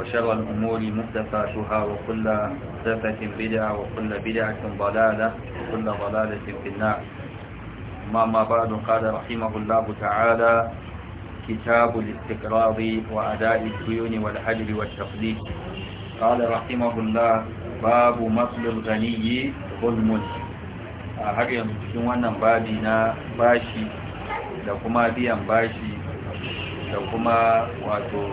وشر الأمور محدثاتها وكل محدثة بدعة وكل بدعة ضلالة وكل ضلالة في النار ما بعد قال رحمه الله تعالى كتاب الاستقراض وأداء الديون والأجر والتقديم قال رحمه الله باب مثل الغني ظلم har yanzu cikin wannan babi na bashi da kuma biyan bashi da kuma wato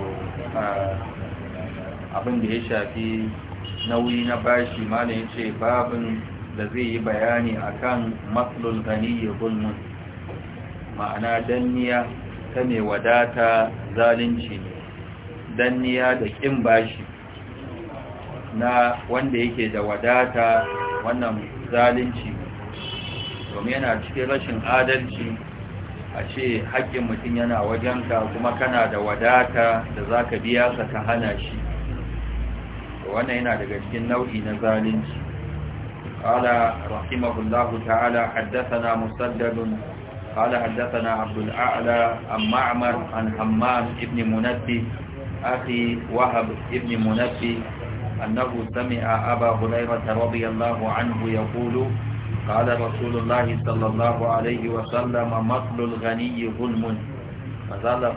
abin da ya shafi nauyi na bashi mana ya ce babin da zai yi bayani akan matsalul gani ya gulmun ma'ana danniya ta mai wadata zalunci ne danniya da ƙin bashi na wanda yake da wadata wannan zalunci domin yana cikin rashin adalci a ce haƙƙin mutum yana wajenka kuma kana da wadata da za ka biya sa ka hana shi wannan yana daga cikin nau'i na zalunci qala rahimahullahu ta'ala haddathana musaddad qala haddathana abdul a'la an an hammam ibn munabbi akhi wahab ibn munabbi annahu sami'a aba hurairah radiyallahu anhu yaqulu قال رسول الله صلى الله عليه وسلم مطل الغني ظلم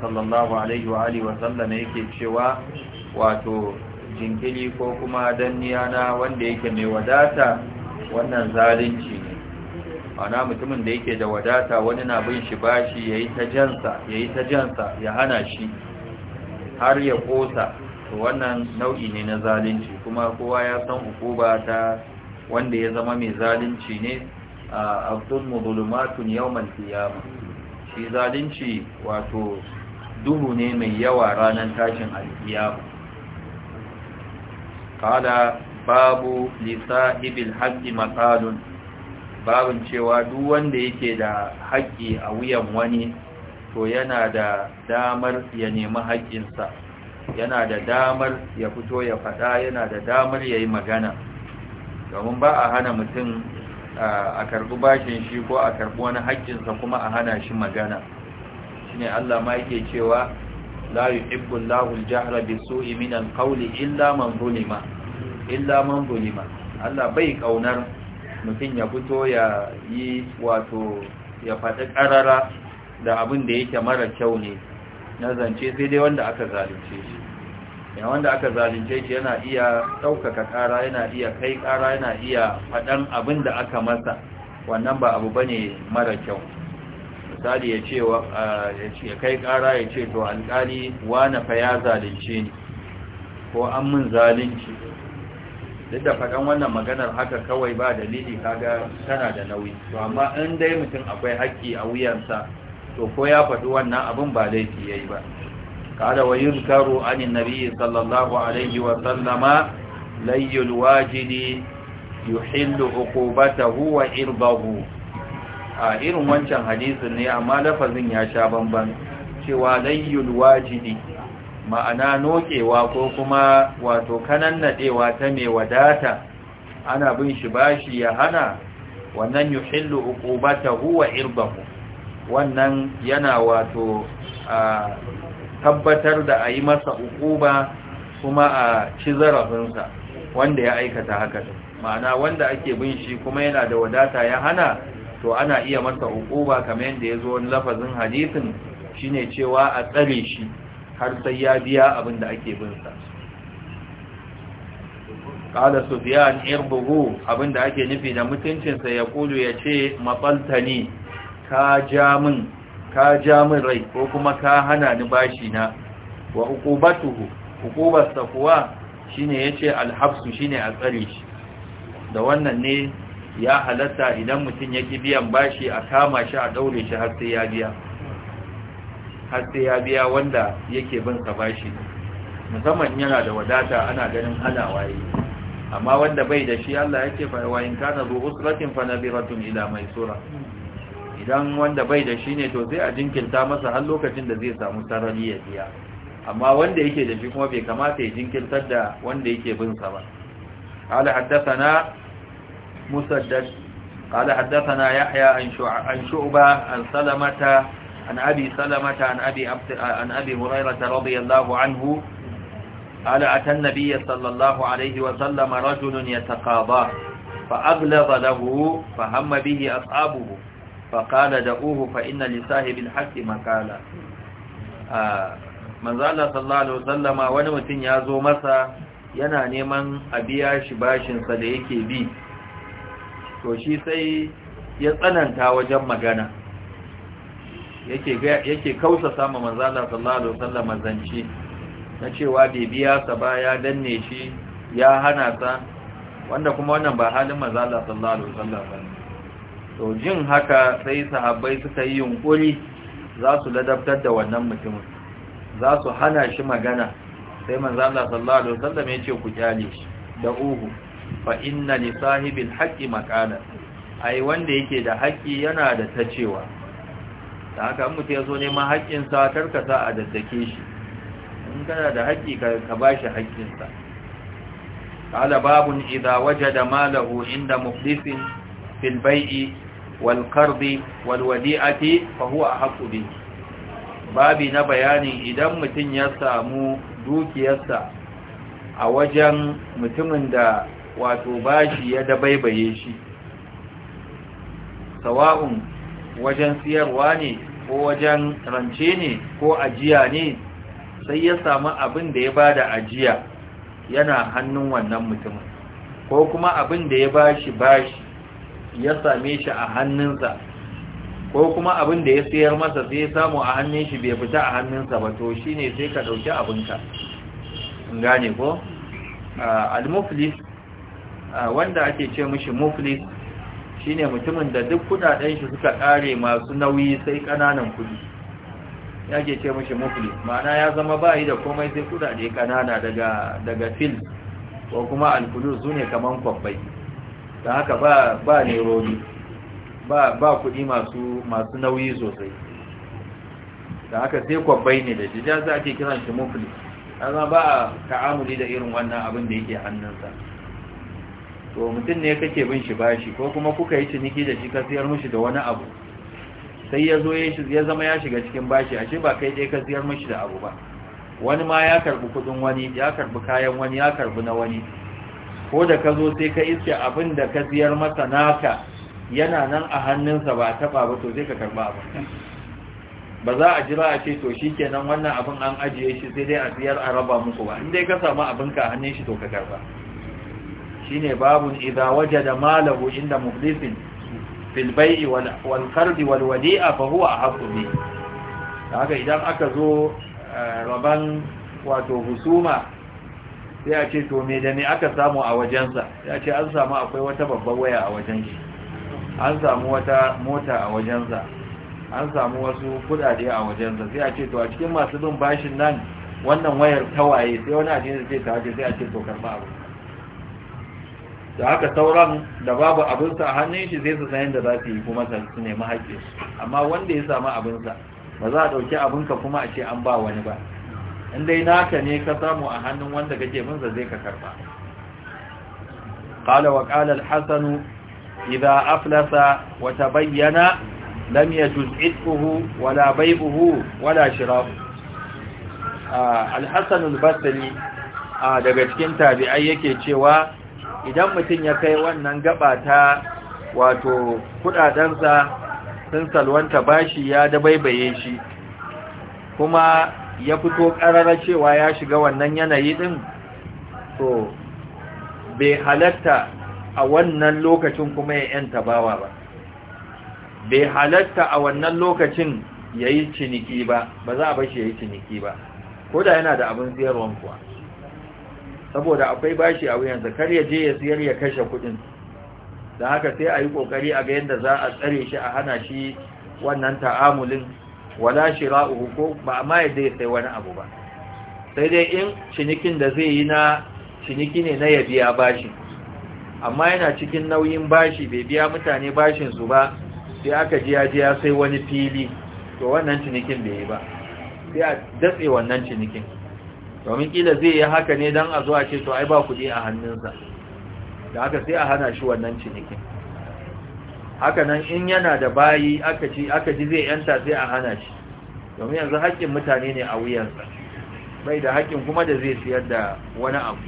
صلى الله عليه وآله وسلم yake cewa wato jinkiri ko kuma danniya na wanda yake mai wadata wannan zalunci ne ana mutumin da yake da wadata wani na bin shi bashi yayi ta jansa yayi ta jansa ya hana shi har ya kosa to wannan nau'i ne na zalunci kuma kowa ya san uku ba ta wanda ya zama mai zalunci ne a abdul mudulumatun yawmal qiyama shi zalunci wato duhu ne mai yawa ranar tashin alkiyama قال باب لصاحب الحق مقال باب cewa duk wanda yake da haƙƙi a wuyan wani to yana da damar ya nemi haƙƙinsa yana da damar ya fito ya faɗa yana da damar yayi magana domin ba a hana mutum a karɓi bashin shi ko a karɓi wani haƙƙinsa kuma a hana shi magana shine Allah ma yake cewa la yuhibbu Allahu al-jahra bisu'i min al-qawli illa man zulima illa man zulima Allah bai kaunar mutum ya fito ya yi wato ya faɗi ƙarara da abin da yake mara kyau ne na zance sai dai wanda aka zalunce shi yana wanda aka zalunce shi yana iya ɗaukaka ƙara yana iya kai ƙara yana iya faɗan abin da aka masa wannan ba abu bane mara kyau misali ya ce ya kai ƙara ya ce to alƙali wane fa ya zalunce ni ko an mun zalunci duk da faɗan wannan maganar haka kawai ba dalili kaga tana da nauyi to amma in dai mutum akwai haƙƙi a wuyansa to ko ya faɗi wannan abin ba laifi yayi ba kada wa yuzkaru anin nabiyyi sallallahu alaihi wa sallama layyul wajidi yuhillu uqubatahu wa irdahu a irin wancan hadisin ne amma lafazin ya sha bamban cewa layyul wajidi ma'ana nokewa ko kuma wato kanannadewa ta mai wadata ana bin shi bashi ya hana wannan yuhillu uqubatahu wa irbahu wannan yana wato a tabbatar da a yi masa uquba kuma a ci zarafinsa wanda ya aikata haka ma'ana wanda ake bin shi kuma yana da wadata ya hana to ana iya masa hukuba kamar yadda ya zo wani lafazin hadisin shine cewa a tsare shi har sai ya biya abin da ake bin sa biya an irbugu abin da ake nufi da mutuncinsa, sa ya kulu ya ce matsaltani ka ja min rai ko kuma ka hana ni bashi na wa uqubatuhu uqubar sa kuwa shine yace alhabsu shine a tsare shi da wannan ne ya halatta idan mutum ya ƙi biyan bashi a kama shi a daure shi har sai ya biya har sai ya biya wanda yake bin sa bashi musamman yana da wadata ana ganin ana waye amma wanda bai da shi Allah yake fa wa in kana zu usratin fa nabiratun ila maisura idan wanda bai da shi ne to sai a jinkirta masa har lokacin da zai samu sarari ya biya amma wanda yake da shi kuma bai kamata ya jinkirtar da wanda yake bin sa ba قال حدثنا مسدد قال حدثنا يحيى عن شعبة عن سلمة عن أبي سلمة عن أبي, عن أبي هريرة رضي الله عنه قال أتى النبي صلى الله عليه وسلم رجل يتقاضى فأغلظ له فهم به أصحابه فقال دعوه فإن لصاحب الحق مقالا manzala sallallahu alaihi wasallama wani mutum ya zo masa yana neman a biya shi bashinsa da yake bi to shi sai ya tsananta wajen magana yake kausa sama manzala sallallahu alaihi wasallam zance na cewa bibiya sa ba ya danne shi ya hana sa wanda kuma wannan ba halin manzala sallallahu alaihi wasallam ba to jin haka sai sahabbai suka yi yunkuri za su ladabtar da wannan mutumin za su hana shi magana sai manzala sallallahu alaihi wasallam ya ce ku kyale shi da uhu fa inna li sahibil haqqi maqala ai wanda yake da haƙi yana da tacewa da haka mutum ya zo neman haƙƙin sa karkasa a daddake shi in kana da haƙi ka bashi shi sa qala babun idza wajada malahu inda muflisin fil bai'i wal qardi wal wadi'ati fa huwa ahqqu bihi babi na bayanin idan mutum ya samu dukiyarsa a wajen mutumin da wato bashi ya dabaibaye shi sawa'un wajen siyarwa ne ko wajen rance ne ko ajiya ne sai ya samu abin da ya bada ajiya yana hannun wannan mutumin ko kuma abin da ya bashi bashi ya same shi a hannunsa ko kuma abin da ya sayar masa sai ya samu a hannun shi bai fita a hannunsa ba to shine sai ka dauki abinka gane ko ah, al-muflis wanda ake ce mishi muflis shine mutumin da duk kudaden shi suka kare masu nauyi sai kananan kudi yake ce mishi muflis ma'ana ya zama bai da komai sai kudade kanana daga daga fil ko kuma al alfulus sune kaman kwabbai da haka ba ba rodi, ba ba kudi masu masu nauyi sosai da haka sai kwabbai ne da za ake kiran shi muflis amma ba ta'amuli da irin wannan abin da yake hannunsa to mutum ne kake bin shi bashi ko kuma kuka yi ciniki da shi ka siyar mishi da wani abu sai ya zo ya zama ya shiga cikin bashi a shi ba kai dai ka siyar mishi da abu ba wani ma ya karbi kudin wani ya karbi kayan wani ya karbi na wani ko da ka zo sai ka iske abin da ka siyar masa naka yana nan a hannunsa ba taba ba to sai ka karba abin ba za a jira a ce to shi kenan wannan abin an ajiye shi sai dai a siyar a raba muku ba in dai ka samu abinka a hannun shi to ka karba shine babun idza wajada malahu inda muflisin fil bai'i wal qardi wal wadi'a fa huwa ahqqu bi haka idan aka zo eh, raban wato husuma sai a ce to me da ni aka samu a wajensa ya ce an samu akwai wata babbar waya a wajen shi an samu wata mota a wajensa an samu wasu kudade a wajensa sai a ce to a cikin masu bin bashin nan wannan wayar tawaye sai wani ajiyar zai tawaye sai a ce to karba abu da haka sauran da babu abinsa a hannun shi zai su san yadda za su yi kuma su nemi haƙƙi amma wanda ya samu abinsa ba za a ɗauki abinka kuma a ce an ba wani ba in dai naka ne ka samu a hannun wanda kake minsa zai ka karɓa. Ƙala wa ƙala al idan aflasa wata bayyana, lam yajuz itquhu wala bay'uhu wala shira'u al ah, ah, daga cikin tabi'ai yake cewa idan mutum ya kai wannan gaba ta wato kuɗaɗensa sun salwanta bashi ya dabaibaye shi kuma ya fito karara cewa ya shiga wannan yanayi din to bai halatta a wannan lokacin kuma ya yanta bawa ba bai halatta a wannan lokacin ya yi ciniki ba ba za a bashi ya yi ciniki ba ko da yana da abin siyarwan kuwa saboda akwai bashi a wuyan kar ya je ya siyar ya kashe kudin da haka sai a yi kokari a ga yadda za a tsare shi a hana shi wannan ta'amulin wala shira'uhu ko ba ma yadda ya sai wani abu ba sai dai in cinikin da zai yi na ciniki ne na ya biya bashi amma yana cikin nauyin bashi bai biya mutane bashin su ba sai aka jiya jiya sai wani fili to wannan cinikin bai yi ba sai a datse wannan cinikin domin kila zai yi haka ne don a zo a ce to ai ba kuɗi a hannunsa da haka sai a hana shi wannan cinikin haka nan in yana da bayi aka ci aka ji zai yanta sai a hana shi domin yanzu haƙƙin mutane ne a wuyansa bai da haƙƙin kuma da zai siyar da wani abu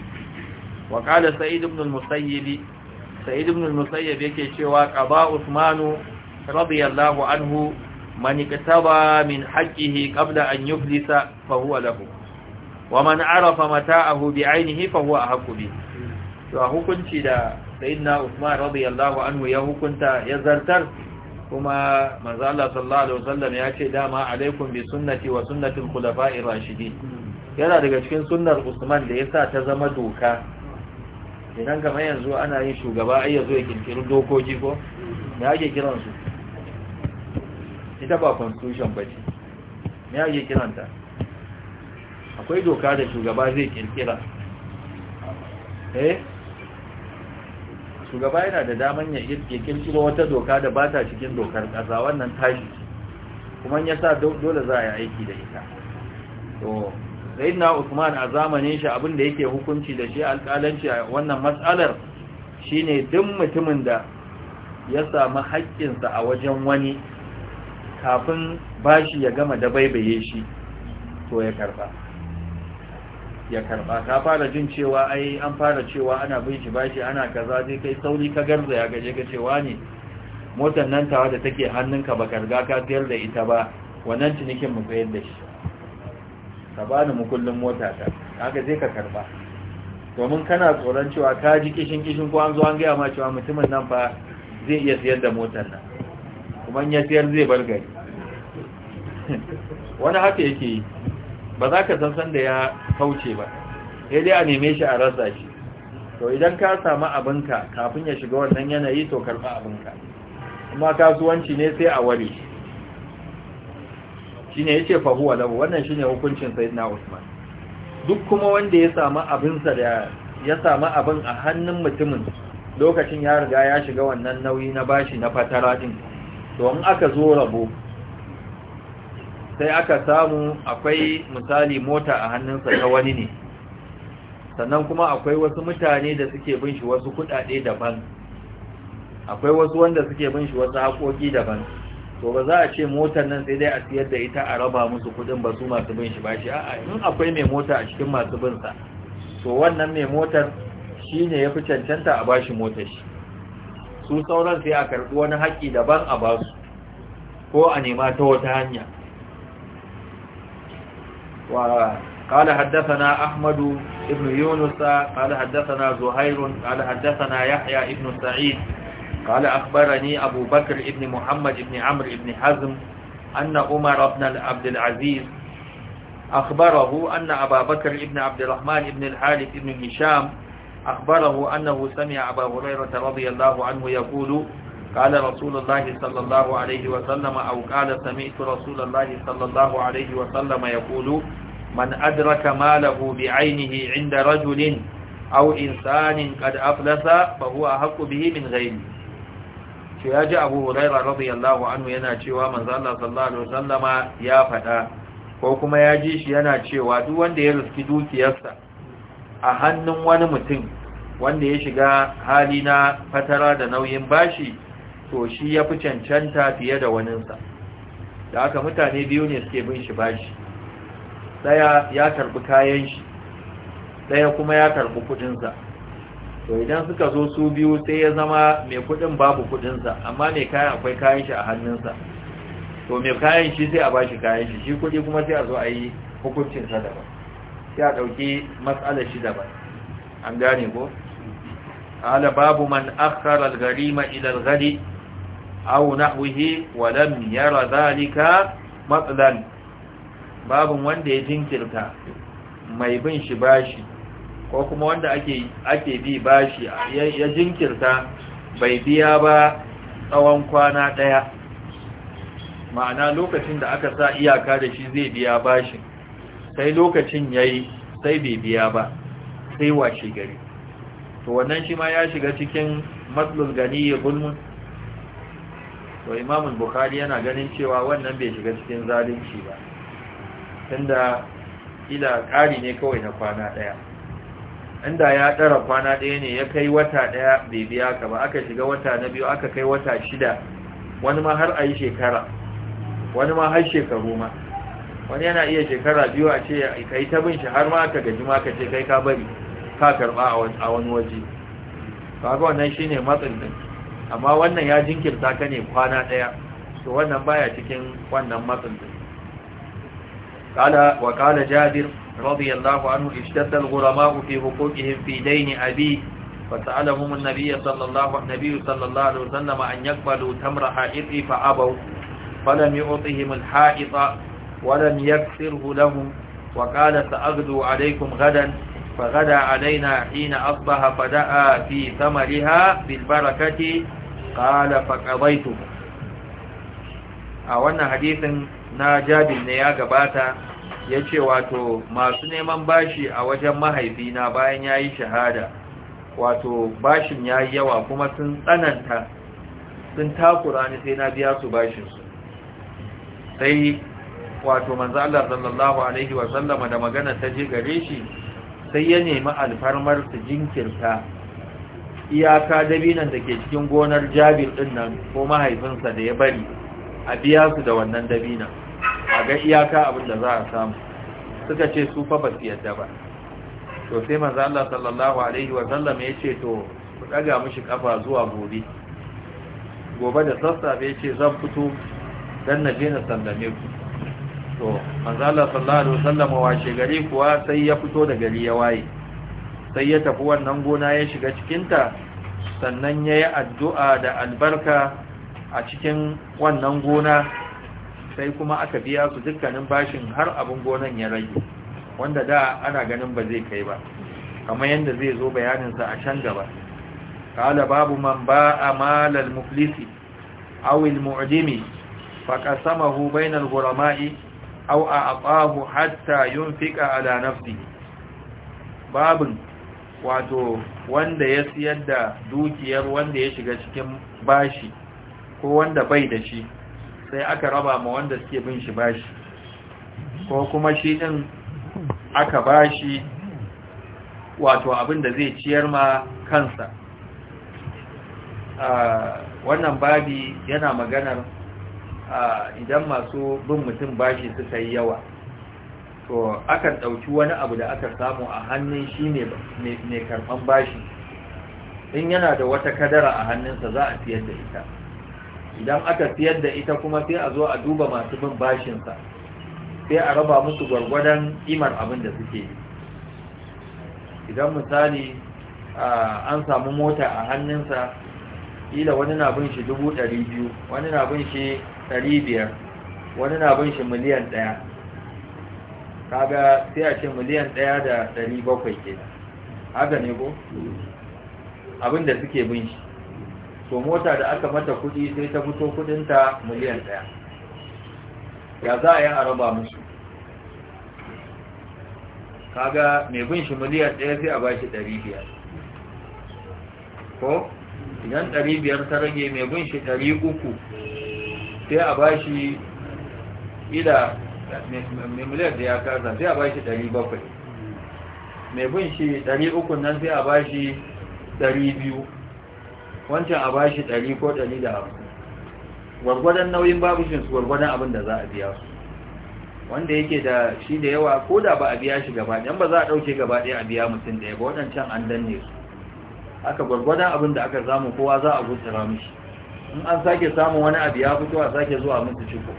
wa qala sa'id ibn al-musayyib sa'id ibn al-musayyib yake cewa qaba usmanu radiyallahu anhu man Kataba, min haqqihi qabla an yuflisa fa huwa lahu wa man arafa mata'ahu bi ainihi fa huwa ahqqu bi to a hukunci da sayyidina Uthman radiyallahu anhu ya hukunta ya zartar kuma manzo Allah sallallahu alaihi wasallam ya ce dama alaikum bi sunnati wa sunnati al-khulafa'ir rashidin yana daga cikin sunnar Usman da yasa ta zama doka idan mai yanzu ana yin shugaba ai yazo ya kirkiri dokoki ko me yake kiransu ita ba constitution bace me yake kiranta akwai doka da shugaba zai kirkira eh shugaba yana da daman ya kirkira wata doka da ba ta cikin dokar ƙasa wannan tashi kuma ya sa dole za a yi aiki da ita to zai usman a zamanin shi abinda yake hukunci da shi alƙalanci a wannan matsalar shine duk mutumin da ya samu haƙƙinsa a wajen wani kafin bashi ya gama da baibaye shi to ya karɓa ya karba ka fara jin cewa ai an fara cewa ana bin shi bashi ana kaza zai kai sauri ka garza ya gaje ka cewa ne motar nan tawa da take hannunka ba karga ka sayar da ita ba wannan cinikin mu sayar da shi ka bani mu kullum mota ta haka zai ka karba domin kana tsoron cewa ka ji kishin kishin ko an zo an gaya ma cewa mutumin nan fa zai iya sayar da motar nan kuma in ya sayar zai bar gari wani haka yake yi ba za ka san sanda ya kauce ba sai dai a neme shi a rasa shi to idan ka samu abinka kafin ya shiga wannan yanayi to karɓa abinka kuma kasuwanci ne sai a ware shi ne ya ce fahuwa labu wannan shi ne hukuncin na usman duk kuma wanda ya samu abinsa da ya samu abin a hannun mutumin lokacin ya riga ya shiga wannan nauyi na bashi na fatara din to in aka zo rabo sai aka samu akwai misali mota a hannunsa ta wani ne sannan kuma akwai wasu mutane da suke bin shi wasu kudade daban akwai wasu wanda suke bin shi wasu haƙoƙi daban to ba za a ce motar nan sai dai a siyar da ita a raba musu kudin ba su masu bin shi ba shi a'a in akwai mai mota a cikin masu bin sa to wannan mai motar shi ne ya fi cancanta a bashi motar shi su sauran sai a karɓi wani haƙƙi daban a basu ko a nema ta wata hanya وقال حدثنا أحمد بن يونس قال حدثنا زهير قال حدثنا يحيى بن سعيد قال أخبرني أبو بكر بن محمد بن عمرو بن حزم أن عمر بن عبد العزيز أخبره أن أبا بكر بن عبد الرحمن بن الحارث بن هشام أخبره أنه سمع أبا هريرة رضي الله عنه يقول قال رسول الله صلى الله عليه وسلم أو قال سمعت رسول الله صلى الله عليه وسلم يقول من أدرك ماله بعينه عند رجل أو إنسان قد أفلس فهو أحق به من غيره ya ji abu huraira radiyallahu yana cewa manzo sallallahu alaihi wasallama ya faɗa ko kuma ya ji shi yana cewa duk wanda ya riski dukiyarsa a hannun wani mutum wanda ya shiga hali na fatara da nauyin bashi to shi ya fi cancanta fiye da waninsa da aka mutane biyu ne suke bin shi bashi daya ya karbi kayan shi daya kuma ya karbi kudinsa to idan suka zo su biyu sai ya zama mai kudin babu kudinsa amma mai kayan akwai kayan shi a hannunsa to mai kayan shi sai a bashi kayan shi shi kudi kuma sai a zo a yi hukuncinsa daban sai a ɗauki matsalar shi daban an gane ko ala babu man akhara al-gharima ila al-ghadi aw nahwihi wa lam yara dhalika matsalan babin wanda ya jinkirta mai bin shi bashi ko kuma wanda ake ake bi bashi ya jinkirta bai biya ba tsawon kwana daya ma'ana lokacin da aka sa iyaka da shi zai biya bashi sai lokacin yayi sai bai biya ba sai washe gari to wannan shi ma ya shiga cikin matsalul gani ya to Imamin bukhari yana ganin cewa wannan bai shiga cikin zalunci ba tunda ila ƙari ne kawai na kwana ɗaya inda ya ɗara kwana ɗaya ne ya kai wata ɗaya bai biya ka ba aka shiga wata na biyu aka kai wata shida wani ma har a yi shekara wani ma har shekaru ma wani yana iya shekara biyu a ce ka yi tabin shi har ma ka gaji ma ka ce kai ka bari ka karɓa a wani waje ba ga wannan shi ne matsin ɗin amma wannan ya jinkirta ka ne kwana ɗaya su wannan baya cikin wannan matsin da wa kala jabir radiyallahu anhu ishtaddal ghuramahu fi huquqihim fi dayni abi fa ta'alahum an-nabiy sallallahu alaihi sallallahu alaihi wasallam an yaqbalu tamra ha'iti fa abaw fa lam yu'tihim al-ha'ita wa lam yaksirhu lahum wa alaikum sa'adu alaykum ghadan fa ghada alayna hina asbaha fa fi thamariha bil barakati qala faqadaitu a wannan hadisin na jabir ne ya gabata ya ce wato masu neman bashi a wajen mahaifina bayan ya yi shahada wato bashin ya yi yawa kuma sun tsananta sun takura ne sai na biya su bashin su sai wato manzo Allah alaihi wa sallama da magana ta je gare shi sai ya nemi alfarmar su jinkirta iyaka dabinan da ke cikin gonar jabir din nan ko mahaifinsa da ya bari a biya su da wannan dabinan a ga iyaka abin da za a samu suka ce su fa ba su yadda ba to sai manzo Allah sallallahu alaihi wa sallam ya ce to ku daga mishi kafa zuwa gobe gobe da sassafe ya ce zan fito dan na je na sallame ku to manzo Allah sallallahu alaihi wa sallam washe gari kuwa sai ya fito da gari ya waye sai ya tafi wannan gona ya shiga cikinta sannan ya yi addu'a da albarka a cikin wannan gona sai kuma aka biya su dukkanin bashin har abin gonan ya rage wanda da ana ganin ba zai kai ba kamar yadda zai zo bayaninsa a can gaba kala babu man ba a malar muflisi awil mu'adimi faƙa sama hu bainar gurama'i au a abahu hatta yun fiƙa ala nafsi babin wato wanda ya siyar da dukiyar wanda ya shiga cikin bashi ko wanda bai da shi sai aka raba ma wanda suke bin shi bashi ko kuma shi din aka bashi wato abin da zai ciyar ma kansa ah, wannan babi yana maganar ah, idan masu bin mutum bashi suka yi yawa to akan ɗauki wani abu da aka samu a hannun shi mai karɓan bashi in yana da wata kadara a hannunsa za a fiyar da ita idan aka fiyar da ita kuma sai a zo a duba masu bin bashinsa sai a raba musu gwargwadon imar abin da suke yi idan misali an samu mota a hannunsa ila wani na bin shi dubu wani na bin shi ɗari biyar wani na bin shi miliyan ɗaya kaga sai a ce miliyan ɗaya da ɗari bakwai ke haka ne ko abin da suke bin shi so mota da aka mata kuɗi sai ta fito kuɗinta miliyan ɗaya ya za a yi a raba musu kaga mai bin shi miliyan ɗaya sai a ba shi ɗari biyar ko idan ɗari biyar ta rage mai bin shi ɗari uku sai a ba shi ila mai miliyar da ya kasa zai a bashi 700 mai bin shi 300 nan zai a bashi 200 wancan a bashi 100 ko 150 gwargwadon nauyin babushin su gwargwadon abin da za a biya su wanda yake da shi da yawa ko da ba a biya shi gaba ɗan ba za a ɗauke gaba ɗaya a biya mutum ɗaya ba waɗancan an danne su aka gwargwadon abin da aka samu kowa za a gutsura mishi in an sake samun wani abu ya fito a sake zuwa musu ciko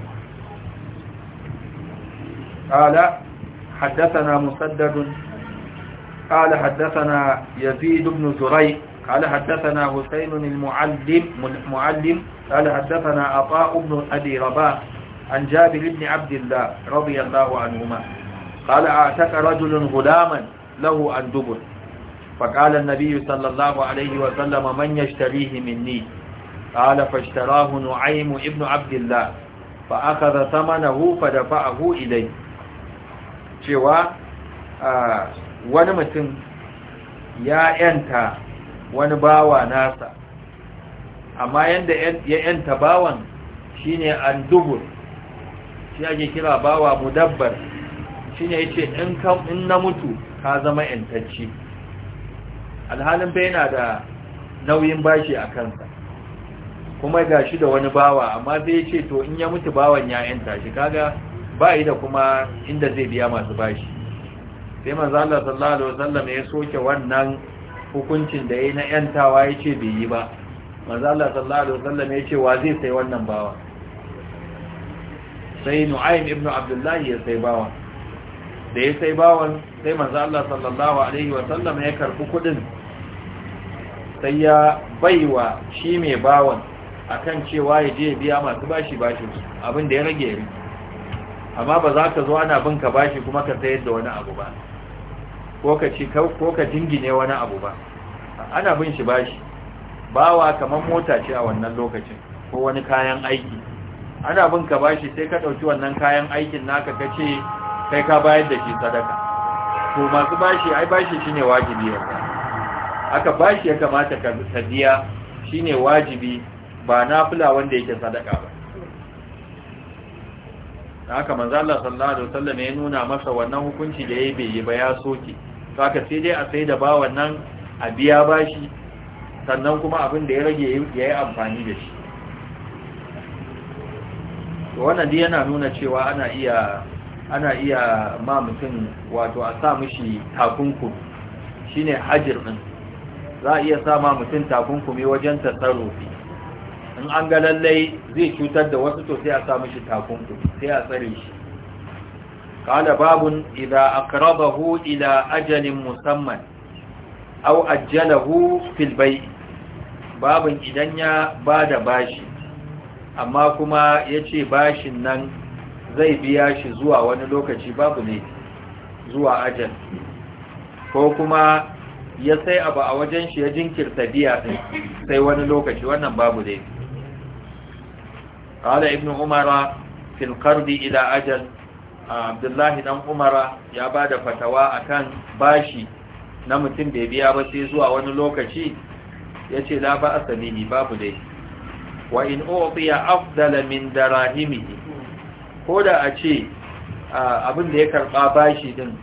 قال حدثنا مسدد قال حدثنا يزيد بن زري قال حدثنا حسين المعلم معلم قال حدثنا عطاء بن أبي رباح عن جابر بن عبد الله رضي الله عنهما قال اعتق رجل غلاما له أن دبر فقال النبي صلى الله عليه وسلم من يشتريه مني قال فاشتراه نعيم ابن عبد الله فأخذ ثمنه فدفعه إليه cewa wani mutum ya yanta wani bawa nasa amma yadda ya yanta bawan ne an dubur shi ake kira bawa mudabbar shi yace ya ce in na mutu ka zama yantacci alhalin bai na da nauyin bashi a kansa kuma gashi da wani bawa amma zai ce to in ya mutu bawan ya yanta shi kaga ba yi da kuma inda zai biya masu bashi sai manzo Allah sallallahu alaihi wasallam ya soke wannan hukuncin da yayi na yantawa yace bai yi ba manzo Allah sallallahu alaihi wasallam ce wa zai sai wannan bawa sai nu'aim ibn Abdullah ya sai bawa da ya sai bawan sai manzo Allah sallallahu alaihi wasallam ya karbi kudin sai ya baiwa shi mai bawan akan cewa ya je biya masu bashi bashi abin da ya rage ya rike amma ba za ka zo ana bin ka bashi kuma ka sayar da wani abu ba ko ka ci ko ka jingine wani abu ba ana bin shi bashi bawa kamar mota ce a wannan lokacin ko wani kayan aiki ana bin ka bashi sai ka ɗauki wannan kayan aikin naka ka ce kai ka bayar da shi sadaka to masu bashi ai bashi shine wajibi ka. aka bashi ya kamata ka biya shine wajibi ba nafila wanda yake sadaka ba haka manzo Allah sallallahu alaihi wasallam ya nuna masa wannan hukunci da yayi bai yi ba ya soke haka sai dai a sai da ba wannan a biya bashi sannan kuma abin da ya rage yayi amfani da shi To wannan dai yana nuna cewa ana iya ana iya ma mutum wato a sa mishi takunkumi shine hajir din za a iya sa ma mutum takunkumi wajen tasarrufi in an ga lallai zai cutar da wasu to sai a samu shi takunku sai a tsare shi kana babun idza aqrabahu ila ajalin musamman aw ajjalahu fil bay babun idan ya bada bashi amma kuma yace bashin nan zai biya shi zuwa wani lokaci babu ne zuwa ajal ko kuma ya sai abu a wajen shi ya jinkirta biya sai wani lokaci wannan babu dai قال ابن عمر في القرض إلى أجل عبد الله بن عمر يا بعد فتوى أكان bashi na mutum bai biya ba sai zuwa wani lokaci ya ce la ba a samini babu dai wa in ofiya afdala min darahimihi ko da a ce abin da ya karɓa bashi din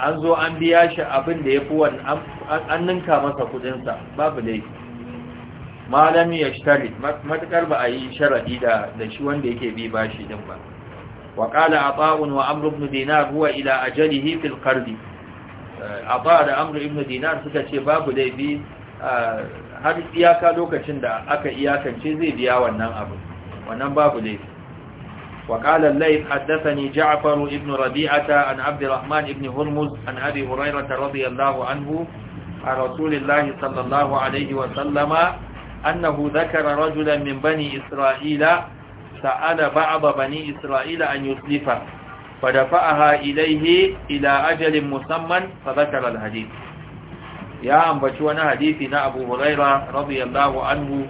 an zo an biya shi abin da ya fi wani an ninka masa kudinsa babu dai Malami ya shari matakar ba a yi sharadi da shi wanda yake bi ba shi din ba wa a ata'un wa amr ibn dinar huwa ila ajalihi fil A eh, ata da amr ibn dinar suka ce babu laifi eh, har iyaka lokacin da aka iyakance zai biya wannan abu wannan babu laifi وقال الليث حدثني جعفر ابن ربيعة عن عبد الرحمن ابن هرمز عن أبي هريرة رضي الله عنه عن رسول الله صلى الله annahu zakara rajulan min bani isra'ila sa'ala ba'da bani isra'ila an yuslifa fa dafa'aha ilayhi ila ajalin musamman fa zakara alhadith ya ambaci wani hadisi na Abu Huraira radiyallahu anhu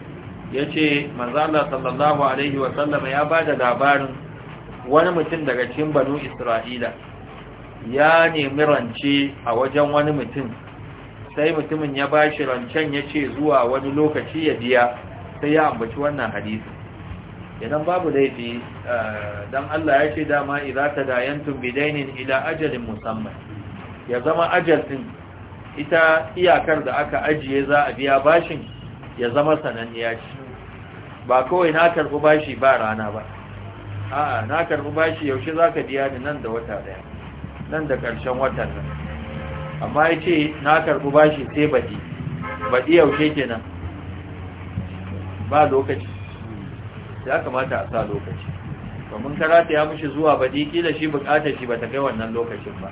yace manzo Allah sallallahu alaihi wa sallam ya bada labarin wani mutum daga cikin banu isra'ila ya nemi rance a wajen wani mutum sai mutumin ya ba shi rancen ya ce zuwa wani lokaci ya biya sai ya ambaci wannan hadisi idan babu laifi eh, don Allah ya ce dama idza bi bidainin ila ajalin musamman ya zama ajalin ita iyakar da aka ajiye za a biya bashin ya zama sananniya ce ba kawai na karɓi bashi ba rana ba a'a na karɓi bashi yaushe zaka biya ni nan da wata daya nan da ƙarshen watan nan amma ya ce na karɓi bashi sai baɗi baɗi yaushe kenan ba lokaci ya kamata a sa lokaci kamun karata ya mushi zuwa baɗi kila shi buƙatar shi ba ta kai wannan lokacin ba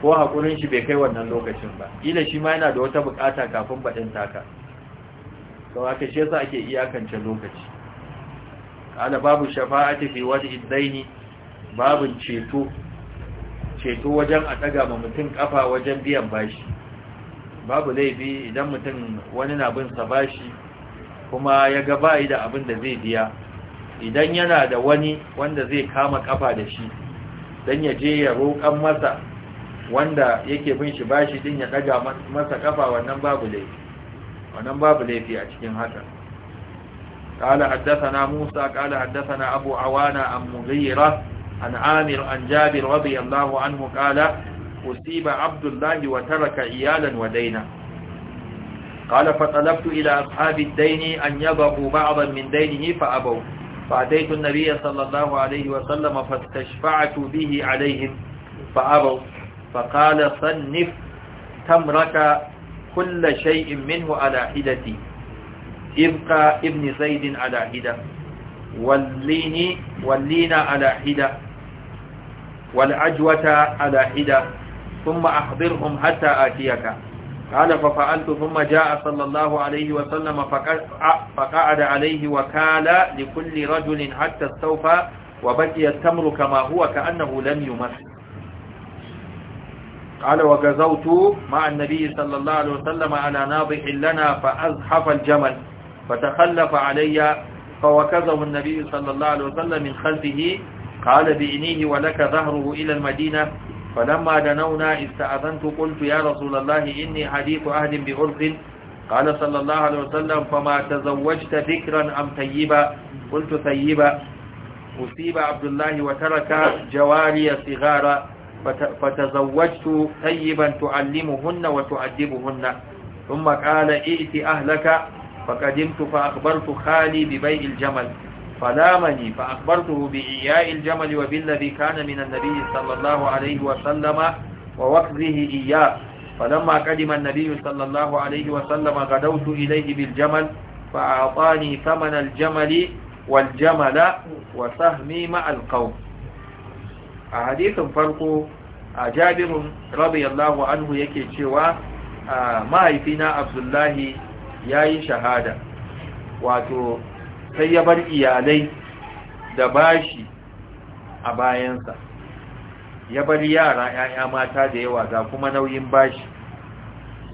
ko haƙurin shi bai kai wannan lokacin ba kila shi ma yana da wata buƙata kafin baɗin taka sau haka shi yasa ake iyakance lokaci ƙala babu shafa'ati fi wani iddaini babin ceto ceto wajen a ɗaga ma mutum ƙafa wajen biyan bashi babu laifi idan mutum wani na bin sa bashi kuma ya ga bayi da abin da zai biya idan yana da wani wanda zai kama ƙafa da shi don ya je ya roƙan masa wanda yake bin shi bashi din ya ɗaga masa ƙafa wannan babu laifi wannan babu laifi a cikin haka قال حدثنا موسى قال حدثنا أبو عوانا أم مغيرة عن عامر عن جابر رضي الله عنه قال أصيب عبد الله وترك عيالا ودينا قال فطلبت إلى أصحاب الدين أن يضعوا بعضا من دينه فأبوا فأتيت النبي صلى الله عليه وسلم فاستشفعت به عليهم فأبوا فقال صنف تمرك كل شيء منه على حدتي ابقى ابن زيد على حدة وليني ولينا على حدة والعجوة على حدة ثم أحضرهم حتى آتيك قال ففعلت ثم جاء صلى الله عليه وسلم فقعد عليه وكال لكل رجل حتى استوفى وبكي التمر كما هو كأنه لم يمس قال وغزوت مع النبي صلى الله عليه وسلم على ناضح لنا فأزحف الجمل فتخلف علي فوكزه النبي صلى الله عليه وسلم من خلفه قال بإنيه ولك ظهره إلى المدينة فلما دنونا استأذنت قلت يا رسول الله إني حديث أهد بأرض قال صلى الله عليه وسلم فما تزوجت ذكرا أم طيبا قلت طيبا أصيب عبد الله وترك جواري صغارا فتزوجت طيبا تعلمهن وتؤدبهن ثم قال ائت أهلك فقدمت فأخبرت خالي ببيع الجمل فنامني فأخبرته بإياء الجمل وبالذي كان من النبي صلى الله عليه وسلم ووكذه إياه فلما قدم النبي صلى الله عليه وسلم غدوت إليه بالجمل فأعطاني ثمن الجمل والجمل وسهمي مع القوم حديث فرق جابر رضي الله عنه يكي شوى ما يفينا عبد الله ياي شهادة واتو sai ya bar iyalai da bashi a bayansa ya bar yara ‘ya'ya mata da yawa za kuma nauyin bashi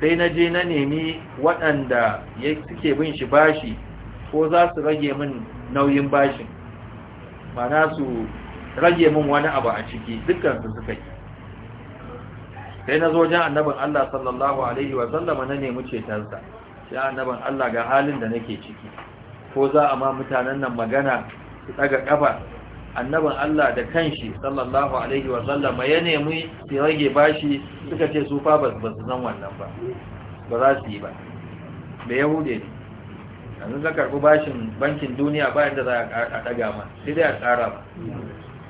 sai na je na nemi waɗanda suke bin shi bashi ko za su rage min nauyin bashin mana su rage min wani abu a ciki su suka yi sai na zo jan annabin Allah sallallahu Alaihi wasallama na nemi cetonsa sai annabin Allah ga halin da nake ciki ko za a ma mutanen nan magana su daga kafa annabin Allah da kanshi sallallahu alaihi wa sallam ya nemi su rage bashi suka ce su fa ba su san wannan ba ba za su yi ba da yahude ne yanzu ka karɓi bashin bankin duniya ba inda za a daga ma sai dai a tsara ba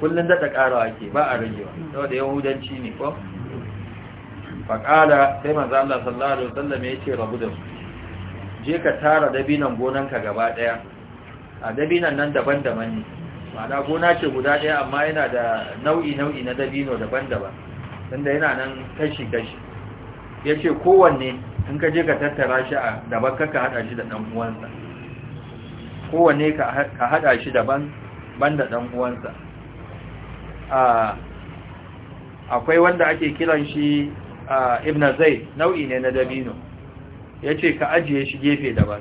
kullum da ta ƙara ake ba a rage ba saboda yahudanci ne ko faƙala sai manzo Allah sallallahu alaihi wa sallam ya ce rabu da su je ka tara dabinan gonanka gaba daya a dabinan nan daban-daban ne ma'ana gona ce guda daya amma yana da nau'i-nau'i na dabino daban-daban tunda yana nan kashi-kashi ya ce kowanne in ka je ka tattara shi a daban ka haɗa shi da ɗan uwansa kowanne ka haɗa shi daban ban da ɗan uwansa akwai wanda ake kiran shi ibn zai nau'i ne na dabino ya ce ka ajiye shi gefe daban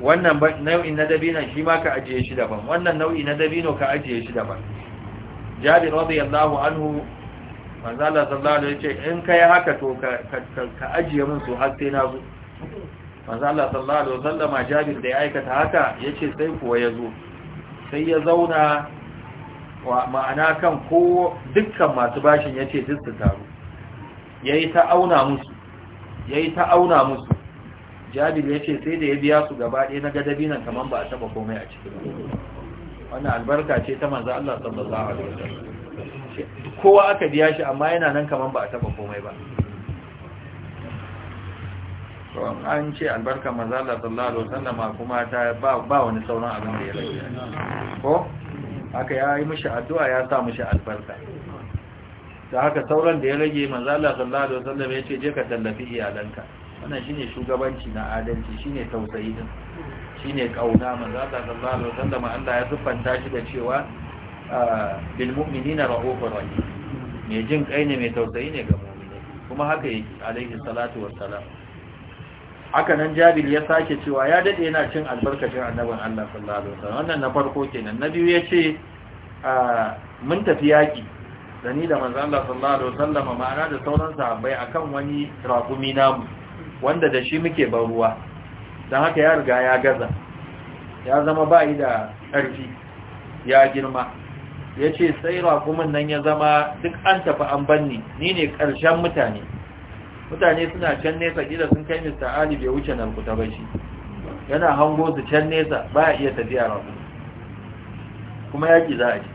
wannan nau'i na dabino shi ma ka ajiye shi daban wannan nau'i na dabino ka ajiye shi daban rabi yallahu anhu manzala Allah sallallahu alaihi wasallam in kai haka to ka ajiye min su har sai na zo manzala sallallahu alaihi wasallam jabi da ya aikata haka Ya ce sai kuwa ya zo sai ya zauna wa ma'ana kan ko dukkan masu bashin ya ce duk su taru yayi ta auna musu yayi ta auna musu jabir ya ce sai da ya biya su gaba ɗaya na gadabi nan kamar ba a taɓa komai a cikin wannan albarka ce ta manzo Allah sallallahu alaihi wasallam kowa aka biya shi amma yana nan kamar ba a taɓa komai ba an ce albarka manzo Allah sallallahu alaihi wasallam kuma ta ba wani sauran abin da ya rage ko haka ya yi mishi addu'a ya sa mishi albarka da haka sauran da ya rage manzo Allah sallallahu alaihi wasallam ya ce je ka tallafi iyalanka wannan shine shugabanci na adalci shine tausayi din shine kauna manzo Allah sallallahu alaihi wasallam Allah ya siffanta shi da cewa bil ah, mu'minina rahufur rahim mai jin kai ne mai tausayi ne ga mu'mini kuma haka yake alaihi salatu wassalam haka nan Jabil ya sake cewa ya dade yana cin albarkacin annabin Allah sallallahu alaihi wasallam wannan na farko kenan na biyu yace ah, mun tafi yaki da ni da manzo Allah sallallahu alaihi wasallam ma'ana da sauran sahabbai akan wani rakumi namu wanda da shi muke ban ruwa don haka ya riga ya gaza ya zama ba yi da ƙarfi ya girma ya ce sai rakumin nan ya zama duk an tafi an banni ni ne ƙarshen mutane mutane suna can nesa gida sun kai mr ali bai wuce nan kuta ba shi yana hango su can nesa ba iya tafiya rakumin kuma yaƙi za a ce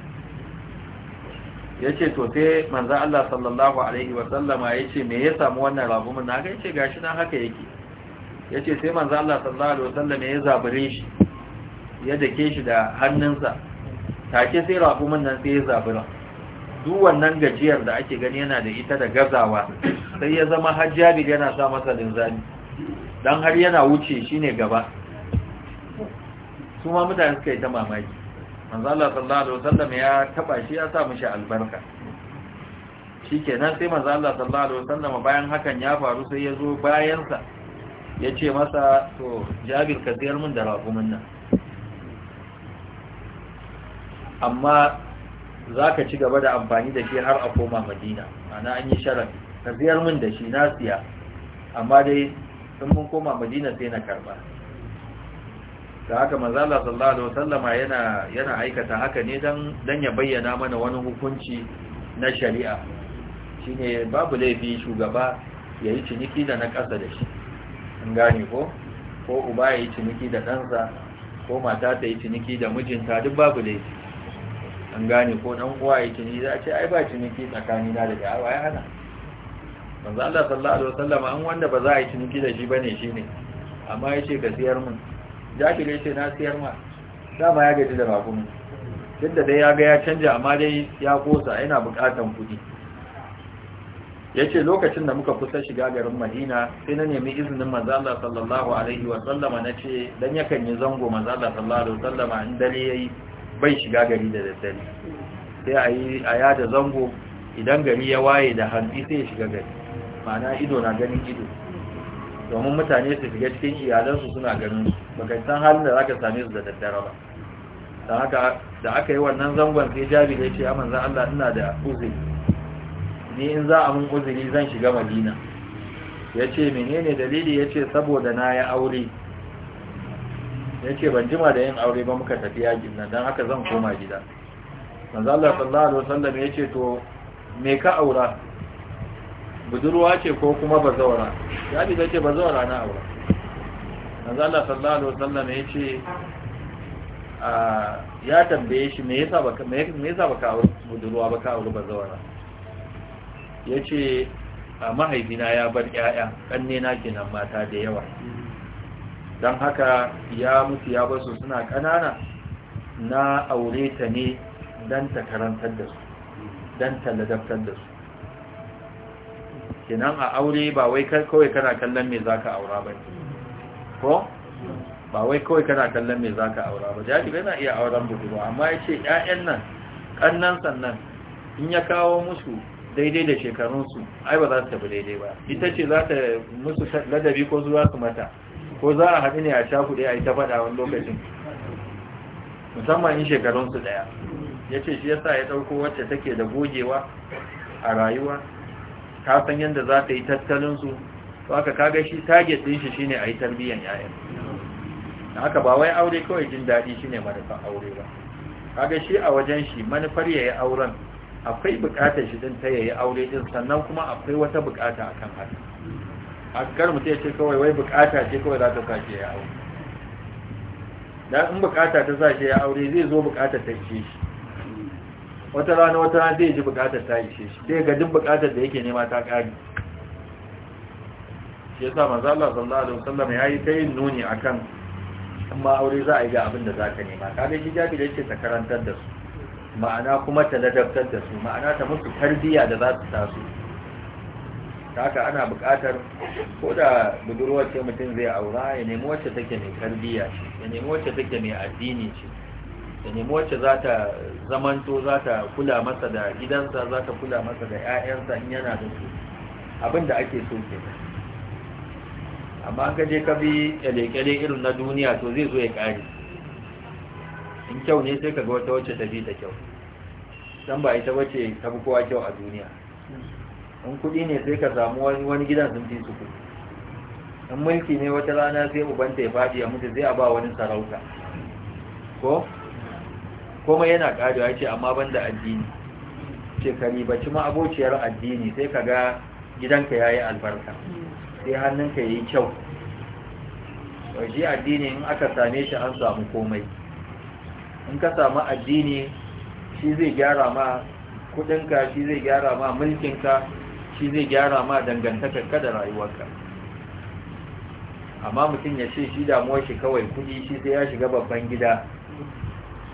ya ce to sai manzan Allah sallallahu Alaihi wasallama ya ce me ya samu wannan rabumin na haka ya ce gashi na haka yake ya ce sai manzan Allah sallallahu Alaihi wasallama ya zabire shi ya dake shi da hannunsa take sai rabumin nan sai ya zabira duk wannan gajiyar da ake gani yana da ita da gazawa sai ya zama hajjabi yana sa masa linzani don har yana wuce shi ne gaba su ma mutane suka yi ta mamaki manzo Allah sallallahu alaihi wasallam ya taba shi ya sa mishi albarka shikenan sai manzo Allah sallallahu alaihi wasallam bayan hakan ya faru sai ya zo bayan sa ya ce masa to Jabir ka ziyar min da raƙumin nan amma za ka ci gaba da amfani da shi har a koma madina ana an yi sharaf ka ziyar min da shi na siya amma dai sun mun koma madina sai na karba da haka manzala sallallahu alaihi wasallama yana yana aikata haka ne dan dan ya bayyana mana wani hukunci na shari'a shine babu laifi shugaba ya yi ciniki da na ƙasa da shi an gane ko ko uba ya yi ciniki da ɗansa ko mata ta yi ciniki da mijinta duk babu laifi an gane ko ɗan uwa ya ciniki za a ce ai ba ciniki tsakani na da yawa ai hana manzo Allah sallallahu alaihi wasallam an wanda ba za a yi ciniki da shi bane shine amma yace ka mun jabir ya ce na siyar ma dama ya gaji da rakumi duk da dai ya ga ya canja amma dai ya kosa yana bukatan kudi ya ce lokacin da muka kusa shiga garin madina sai na nemi izinin mazala sallallahu alaihi wasallama na ce don yakan yi zango mazala sallallahu alaihi wasallama in dare ya yi bai shiga gari da daddare sai a yada zango idan gari ya waye da hanzi sai ya shiga gari ma'ana ido na ganin ido domin mutane su shiga cikin iyalansu suna ganin baka san halin da zaka same su da daddare ba don haka da aka yi wannan zangon sai jabi ya ce ya manzon Allah ina da uzuri ni in za a mun uzuri zan shiga Madina yace menene dalili yace saboda na ya aure yace ban jima da yin aure ba muka tafi yakin nan dan haka zan koma gida manzo Allah sallallahu alaihi wasallam yace to me ka aura budurwa ce ko kuma bazawara ya bi zai ce bazawara na aure manzo Allah sallallahu alaihi wasallam ya ce ya tambaye shi me yasa baka me yasa baka aure budurwa baka aure bazawara Ya ce mahaifina ya bar ƴaƴa kanne na kenan mata da yawa don haka ya mutu ya basu suna kanana na aure ta ne don ta karantar da su don ta ladabtar da su kenan a aure ba wai kawai kana kallon me zaka aura ba ko ba wai kawai kana kallon me zaka aura ba jadi yana iya auren budurwa amma yace ƴaƴan nan kannan sannan in ya kawo musu daidai da shekarunsu ai ba za su tafi daidai ba ita ce za ta musu ladabi ko zuwa su mata ko za a haɗu ne a shafu ɗaya a yi ta faɗa wani lokacin musamman in shekarunsu ɗaya ya ce shi yasa ya ɗauko wacce take da gogewa a rayuwa ka san yadda za ta yi su, to aka kaga shi target din shi shine a yi tarbiyyar yayan da haka ba wai aure kawai jin daɗi shine manufar aure ba kaga shi a wajen shi manufar ya yi auren akwai buƙatar shi din ta ya yi aure din sannan kuma akwai wata buƙata a kan haka a kar mutum ce kawai wai buƙata ce kawai za ta sa shi ya aure da in buƙata ta sa shi ya aure zai zo buƙatar ta ce shi wata rana wata rana zai ji bukatar ta ishe shi sai ga duk bukatar da yake nema ta kare shi yasa manzo Allah sallallahu alaihi wasallam yayi ta yin nuni akan amma aure za a yi ga abin da zaka nema dai shi jabi da yake sakarantar da su ma'ana kuma ta ladabtar da su ma'ana ta musu tarbiya da za su taso haka ana buƙatar ko da budurwar ce mutum zai aura ya nemi wacce take mai tarbiya ce ya nemi wacce take mai addini ce Da nemi wacce za ta zamanto za ta kula masa da gidansa za ta kula masa da 'ya'yansa in yana da su abin da ake so ke amma ka je ka bi kyale-kyale irin na duniya to zai zo ya ƙare in kyau ne sai ka ga wata wacce ta bi ta kyau don ba ita wacce ta fi kowa kyau a duniya in kuɗi ne sai ka samu wani gidan sun fi su kuɗi in mulki ne wata rana sai ubanta ya faɗi a mutu zai a ba wani sarauta ko kuma yana karewa ya ce amma banda addini ce ka ribaci ma'abociyar addini sai ka ga gidanka ya yi albarka sai hannunka ya yi kyau waje addini in aka same shi an samu komai in ka samu addini shi zai gyara ma kudinka shi zai gyara ma mulkinka shi zai gyara ma dangantakarka da rayuwarka amma mutum ya ce shi damuwar shi kawai kudi shi sai ya shiga babban gida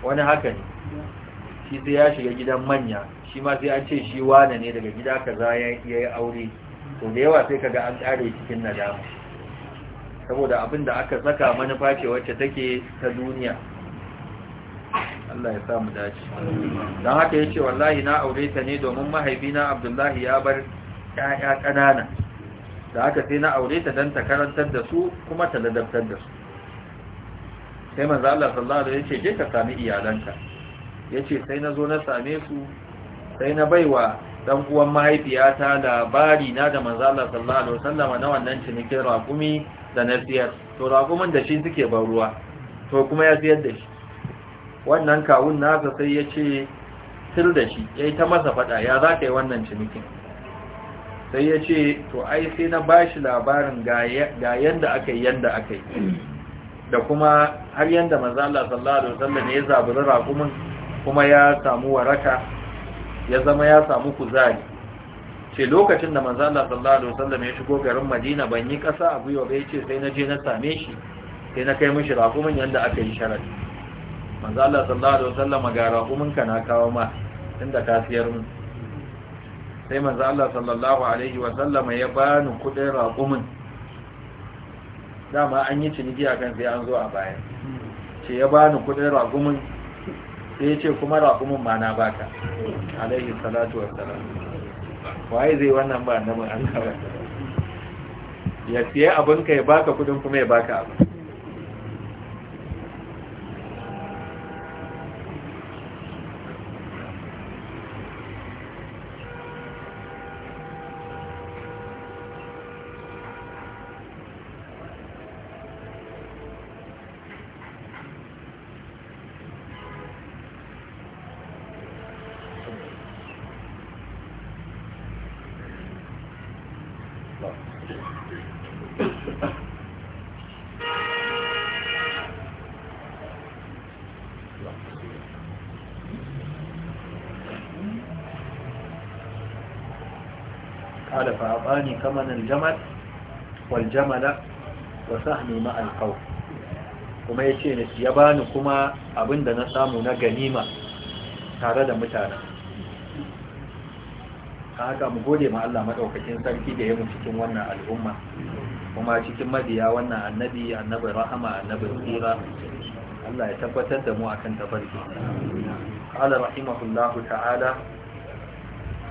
wani haka ne shi sai ya shiga gidan manya shi ma sai an ce shi wane ne daga gida kaza ya yi aure to da yawa sai kaga an tsare cikin nadama saboda abin da aka saka manufa ce wacce take ta duniya Allah ya samu dace don haka ya ce wallahi na aure ta ne domin mahaifina abdullahi ya bar ƴaƴa ƙanana da haka sai na aure ta don ta karantar da su kuma ta ladabtar da su sai manzo Allah sallallahu alaihi wasallam je ka sami iyalanka yace sai na zo na same su sai na baiwa dan uwan mahaifiyata labari na da manzo Allah sallallahu alaihi wasallam na wannan cinikin raƙumi da nasiyar to raƙumin da shi suke ban ruwa to kuma ya siyar da shi wannan kawun nasa sai yace ce tir da shi yayi ta masa fada ya za ka yi wannan cinikin sai yace to ai sai na bashi labarin ga yanda aka yi yadda aka yi da kuma har yanda manzo Allah sallallahu alaihi wasallam ya zaburi raƙumin kuma ya samu waraka ya zama ya samu kuzari ce lokacin da manzo Allah sallallahu alaihi wasallam ya shigo garin Madina ban yi ƙasa a gwiwa bai ce sai na je na same shi sai na kai mishi raƙumin yanda aka yi sharadi manzo Allah sallallahu alaihi wasallam ga raƙumin ka na kawo ma inda ka siyar mun sai manzo Allah sallallahu alaihi wasallam ya bani kudin raƙumin dama an yi ciniki a kan sai an zo a bayan ce ya bani kudin ragumin sai ya ce kuma ragumin ma na baka alaihi salatu wassalam waye zai wannan ba an kawai. ya siya ka ya baka kudin kuma ya baka abin القرآن كمن الجمل والجمل وسهم مع القوم kuma ya ce ya bani kuma abinda na samu na ganima tare da mutanen a haka mu gode ma Allah maɗaukakin sarki da ya cikin wannan al'umma kuma cikin mabiya wannan annabi annabin rahama annabin tsira Allah ya tabbatar da mu akan tafarki qala rahimahullahu ta'ala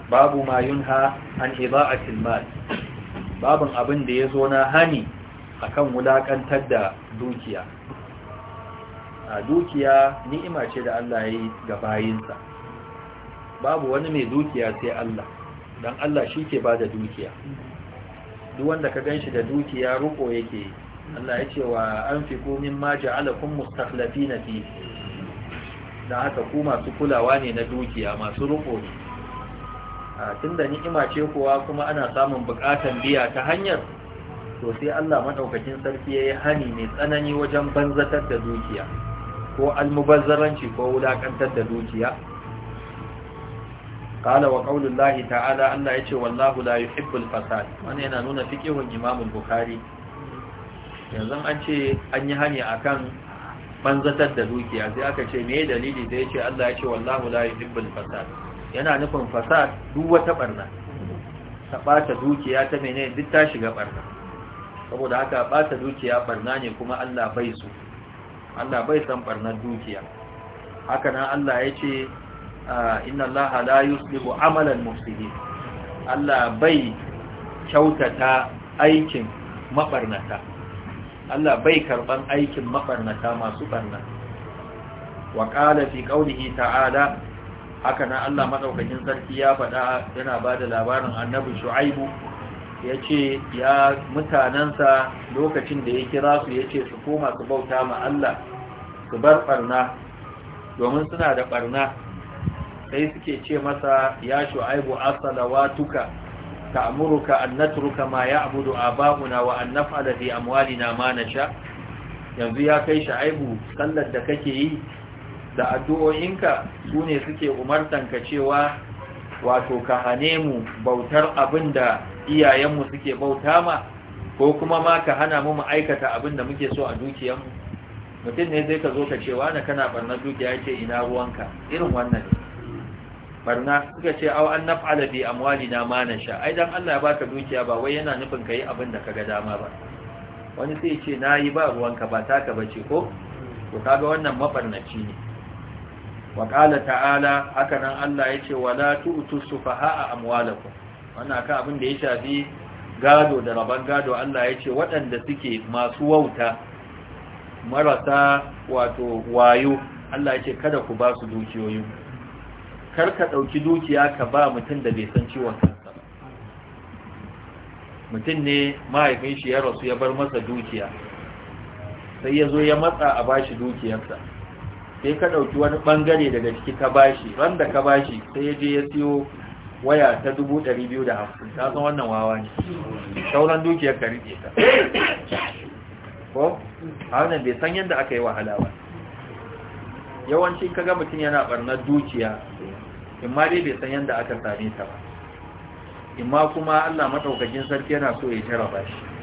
babu ma yunha an ida'atil mal babun abin da yazo na hani akan wulakantar da dukiya a dukiya ni'ima ce da Allah ya yi ga bayinsa babu wani mai dukiya sai Allah dan Allah shi ke bada dukiya duk wanda ka ganshi da dukiya ruko yake Allah ya ce wa anfiqu mimma ja'alakum mustakhlifina fihi Da haka ku masu kulawa ne na dukiya masu ruko ne tun da ni'ima ce kuwa kuma ana samun bukatan biya ta hanyar to sai Allah madaukakin sarki yayi hani mai tsanani wajen banzatar da dukiya ko almubazzaranci ko wulakantar da dukiya qala wa qaulullahi ta'ala Allah yace wallahu la yuhibbul fasad wannan yana nuna fiqihun Imam Bukhari yanzu an ce an yi hani akan banzatar da dukiya sai aka ce me dalili da yace Allah yace wallahu la yuhibbul fasad yana nufin fasad duk wata barna ta ɓata dukiya ta mene duk ta shiga barna saboda haka bata dukiya barna ne kuma Allah bai su Allah bai san barnar dukiya haka nan Allah ya ce ah, inna Allah la yuslihu amalan mufsidin Allah bai kyautata aikin mabarnata Allah bai karban aikin mabarnata masu barna wa qala fi qawlihi ta'ala haka na Allah madaukakin sarki ya faɗa yana ba da labarin annabi shu'aibu ya ce ya mutanensa lokacin da ya kira su ya ce su koma su bauta ma Allah su bar barna domin suna da ɓarna. sai suke ce masa ya shu'aibu asalawatuka ta'muruka an natruka ma ya'budu aba'una wa an naf'ala fi amwalina ma nasha yanzu ya kai shu'aibu sallar da kake yi da addu'o'inka su ne suke umartanka cewa wato ka hane mu bautar abin da iyayenmu suke bauta ma ko kuma ma ka hana mu aikata abin da muke so a dukiyarmu mutum ne zai ka zo ka cewa na kana barnar dukiya ce ina ruwanka irin wannan barna suka ce au an naf'ala bi na ma sha ai dan Allah ya baka dukiya ba wai yana nufin kai abin da kaga dama ba wani sai ce nayi ba ruwanka ba taka bace ko to kaga wannan mabarnaci ne wa ƙala ta'ala haka nan Allah ya ce wa la tu'tu sufaha amwalakum wannan kan abin da ya shafi gado da raban gado Allah ya ce waɗanda suke masu wauta marasa wato wayo Allah ya ce kada ku ba su dukiyoyi kar ka ɗauki dukiya ka ba mutum da bai san ciwon kansa mutum ne mahaifin shi ya rasu ya bar masa dukiya sai ya zo ya matsa a bashi dukiyarsa sai ka ɗauki wani ɓangare daga ciki ka bashi wanda ka bashi sai ya je ya siyo waya ta dubu ɗari biyu da hamsin ta san wannan wawa ne sauran dukiyar ka riƙe ta ko a wannan bai san yadda aka yi wahala ba yawanci ga mutum yana ɓarnar dukiya in ma dai bai san yadda aka same ta ba in ma kuma allah maɗaukakin sarki yana so ya jaraba shi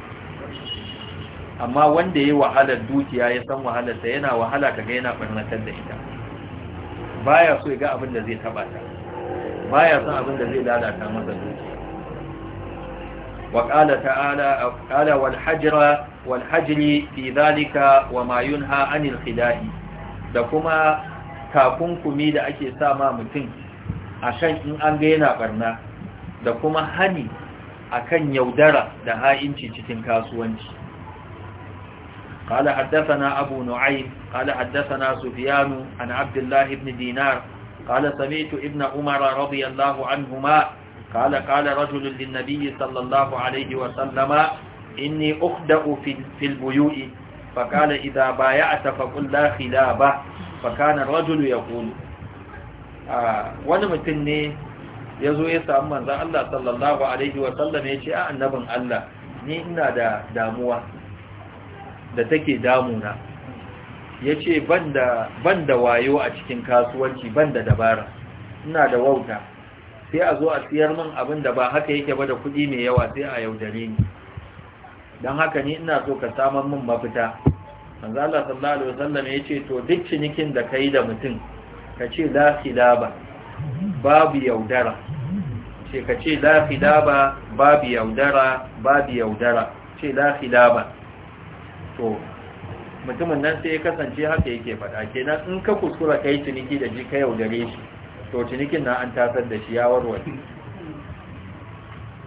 amma wanda ya wahalar dukiya ya san wahalarta yana wahala kaga yana barnatar da ita baya so ya ga abin da zai taba ta baya san abin da zai lalata masa dukiya wa qala ta'ala qala wal hajra wal hajri fi dhalika wa ma yunha anil khida'i da kuma takunkumi da ake sa ma mutum akan in an ga yana barna da kuma hani akan yaudara da ha'inci cikin kasuwanci قال حدثنا أبو نعيم قال حدثنا سفيان عن عبد الله بن دينار قال سمعت ابن عمر رضي الله عنهما قال قال رجل للنبي صلى الله عليه وسلم إني أخدأ في, في البيوء فقال إذا بايعت فقل لا خلابة فكان الرجل يقول wani mutum ne ya zo ya samu manzan Allah sallallahu Alaihi wasallam ya ce a annabin Allah ni ina da damuwa da take damuna ya ce ban da wayo a cikin kasuwanci ban da dabara ina da wauta sai a zo a siyar min abin da ba haka yake ba da kuɗi mai yawa sai a yaudare ni don haka ni ina so ka saman min mafita manzala sallallahu alaihi wasallam ya ce to duk cinikin da ka yi da mutum ka ce la khilaba babu yaudara ce ka ce la khilaba babu yaudara babu yaudara ce la khilaba to mutumin nan sai ya kasance haka yake faɗa kenan in ka kuskura kai ciniki da ji ka yaudare shi to cinikin na an tasar da shi ya warware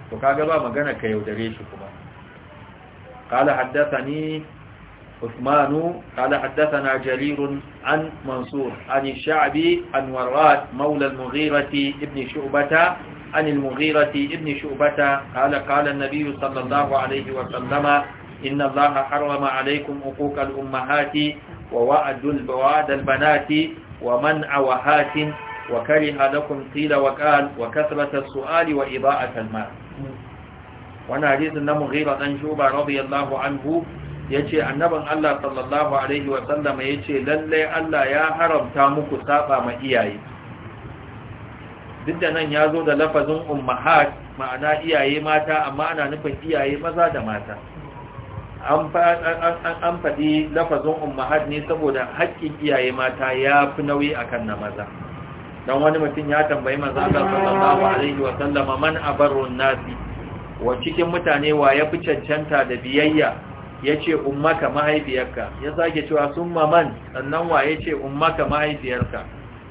to kaga ba magana ka yaudare shi kuma qala حدثني عثمان قال حدثنا جرير عن منصور عن الشعبي عن وراد مولى المغيرة ابن شعبة عن المغيرة ابن شعبة قال قال النبي صلى الله عليه وسلم إن الله حرم عليكم حقوق الأمهات ووعد البواد البنات ومنع وهات وكره لكم قيل وقال وكثرة السؤال وإضاءة المال وانا النمو غير أن رضي الله عنه yace annaban Allah sallallahu alaihi wa sallama yace lalle Allah ya haramta muku saba ma iyaye duk da nan yazo da lafazin ummahat ma'ana iyaye mata amma ana nufin iyaye maza da mata an faɗi lafazin umar ne saboda haƙƙin iyaye mata ya fi nauyi kan na maza don wani mutum ya tambayi maza ga sallallahu alaihi wa sallama man abarrun nasi wa cikin mutane wa ya fi cancanta da biyayya ya ce umarka mahaifiyarka ya sake cewa summa man sannan wa ya ce umarka mahaifiyarka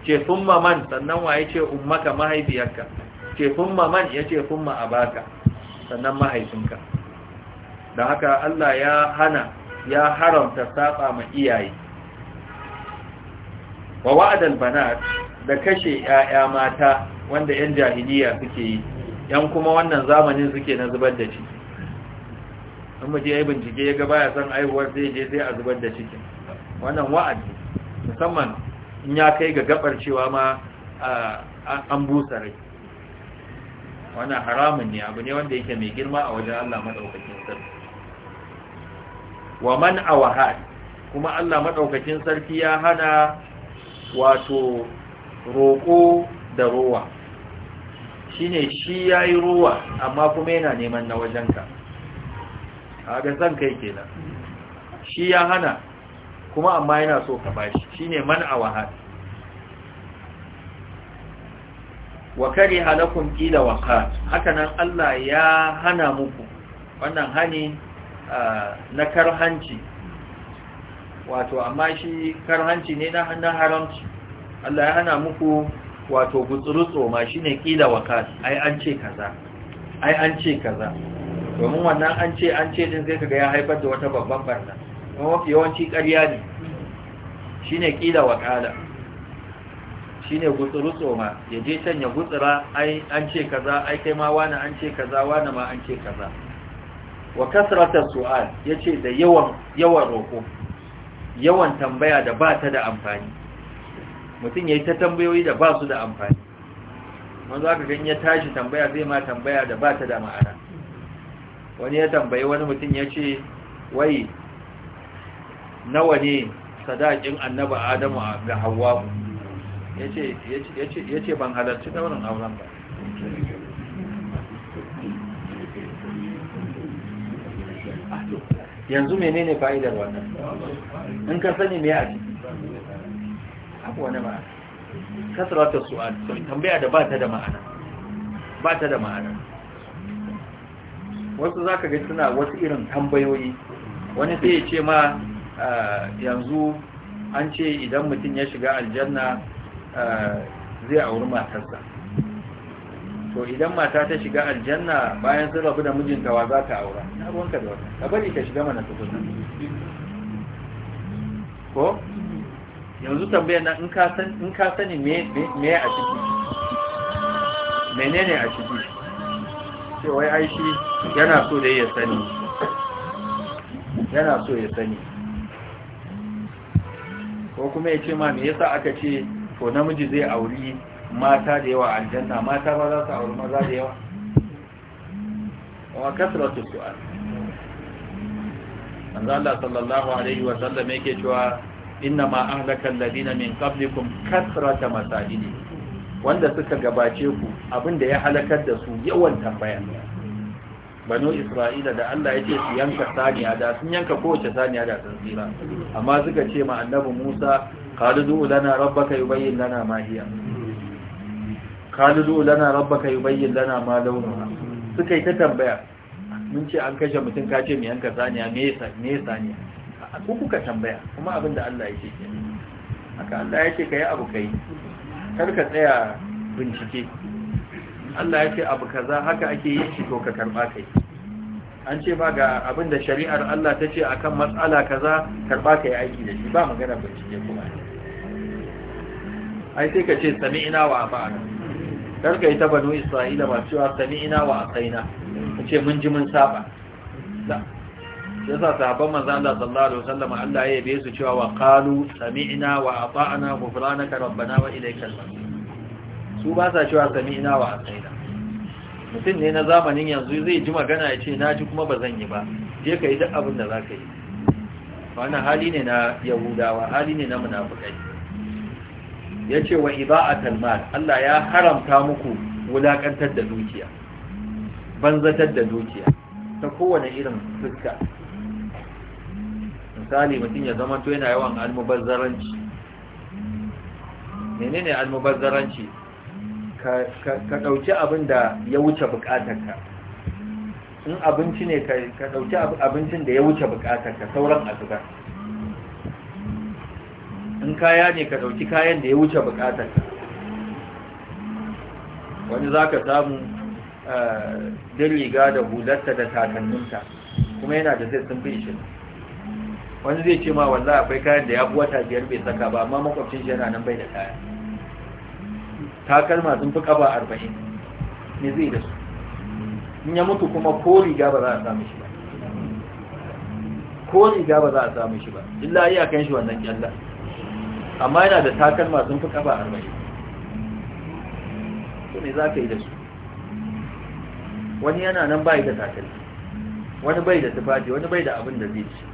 ce sun man sannan wa ya ce umarka mahaifiyarka ce sun man ya ce summa ma'abaka sannan mahaifinka Da haka Allah ya hana ya haramta saba ma iyaye wa wa'adal banat da kashe 'ya'ya mata wanda 'yan jahiliya suke yi yan kuma wannan zamanin suke na zubar da ciki an muje ai bincike ya ga baya san aihuwar zai je sai a zubar da ciki. wannan wa'adi musamman in ya kai ga gabar cewa ma an busa rai wannan haramun ne abu ne wanda yake mai girma a wajen Allah madaukakin sarki wa man awahad kuma Allah madaukakin sarki ya hana wato roƙo da rowa shine shi yayi rowa amma kuma yana neman na wajenka kaga san kai kenan shi ya hana kuma amma yana so ka bashi shine man awahad wa kariha lakum qila wa qat nan Allah ya hana muku wannan hani na karhanci wato amma shi karhanci ne na hannun haramci Allah ya hana muku wato gutsurutso ma shi ne ƙila wakas ai an ce kaza ai an ce kaza domin wannan an ce an ce din zai kaga ya haifar da wata babban barna kuma mafi yawanci ƙarya ne shi ne ƙila wakala shi ne gutsurutso ma ya je can ya gutsura ai an ce kaza ai kai ma wani an ce kaza wani ma an ce kaza wa kasratar su'al ya ce da yawan yawan roƙo yawan tambaya da ba ta da amfani mutum ya yi ta tambayoyi da ba su da amfani wanzu aka kan ya tashi tambaya zai ma tambaya da ba ta da ma'ana wani ya tambayi wani mutum ya ce wai nawa ne sadakin Annabi adamu ga yace ya ce ban halarci daunin auren ba yanzu menene fa'idar wannan in ka sani me a ciki abu wani ma'ana kasarata su'ad tambaya da ba ta da ma'ana ba ta da ma'ana wasu za ka ga suna wasu irin tambayoyi wani sai ya ce ma ah, yanzu an ce idan mutum ya shiga aljanna ah, zai auri matarsa to idan mata ta shiga aljanna bayan sun rabu da mijinta wa za ta aura na ruwanka da wata ka bari ka shiga mana nan. ko yanzu tambayar na in ka sani me a ciki menene a ciki wai aiki yana so da ya sani yana so ya sani ko kuma ya ce ma me yasa aka ce to namiji zai auri mata da yawa aljanna mata ba za su auri maza da yawa wa kasratu su'al an Allah sallallahu alaihi wa sallam yake cewa inna ma ahlaka alladina min qablikum kasrata masajidi wanda suka gabace ku abinda ya halakar da su yawan tambaya banu isra'ila da Allah ya ce su yanka saniya da sun yanka kowace saniya da sun tsira amma suka ce ma annabi Musa qalu lana rabbaka yubayyin lana ma hiya kalu lana rabbaka yubayyin lana ma launuha suka yi ta tambaya mun ce an kashe mutum ka ce me yanka saniya me yasa me yasa ne ku kuka tambaya kuma abin da Allah ya ce ke haka Allah ya ce kai abu kai kar ka tsaya bincike Allah ya ce abu kaza haka ake yin shi to ka karba kai an ce ba ga abin da shari'ar Allah ta ce akan matsala kaza karba kai aiki da shi ba magana bincike kuma ai sai ka ce ina wa ba'ana karka yi ta banu isra'ila ba cewa sami'ina wa asaina ce mun ji mun saba ya sa sahabban manzo Allah sallallahu alaihi wasallam Allah ya yabe su cewa wa qalu sami'na wa ata'na ghufranaka rabbana wa ilaykal su ba sa cewa sami'na wa ata'na mutum ne na zamanin yanzu zai ji magana ya ce na ji kuma ba zan yi ba je ka yi duk abin da za ka yi wannan hali ne na yahudawa hali ne na munafikai ya ce wa iba'atan mal Allah ya haramta muku wulakantar da dukiya banzatar da dukiya ta kowane irin fuska misali mutum ya zama to yana yawan almubazzaranci menene almubazzaranci ka ɗauki abin da ya wuce bukatarka in abinci ne ka ɗauki abincin da ya wuce bukatarka sauran azubar in kaya ne ka dauki kayan da ya wuce bukatar wani za ka samu eh, din riga da hularta da takalminta kuma yana da zai sun fi shi wani zai ce ma wanzu akwai kayan da ya fi wata biyar bai saka ba amma makwabcin shi yana nan bai da kaya takalma sun fi kaba arba'in ne zai da su in ya mutu kuma ko riga ba za a samu shi ba ko riga ba za a samu shi ba illa iyakan shi wannan kyalla amma yana da takalma sun fi kafa arba'in su ne za ka yi da su wani yana nan bai da takalma wani bai da tufaji wani bai da abin da zai ci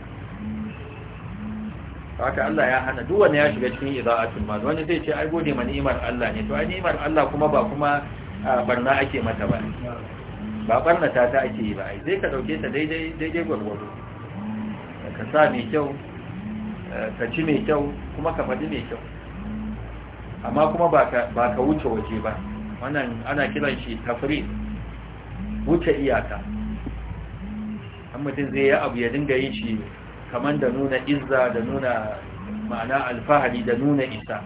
haka Allah ya hana duk wani ya shiga cikin iza'atul mal wani zai ce ai gode ma ni'imar Allah ne to ai ni'imar Allah kuma ba kuma barna ake mata ba ba barna ta ta ake yi ba ai sai ka dauke ta daidai daidai gwargwado ka sa mai kyau ka ci mai kyau kuma ka faɗi mai kyau amma kuma ba ka wuce waje ba wannan ana kiran shi tafri wuce iyaka an mutum zai yi abu ya dinga yin shi kamar da nuna izza da nuna ma'ana alfahari da nuna isa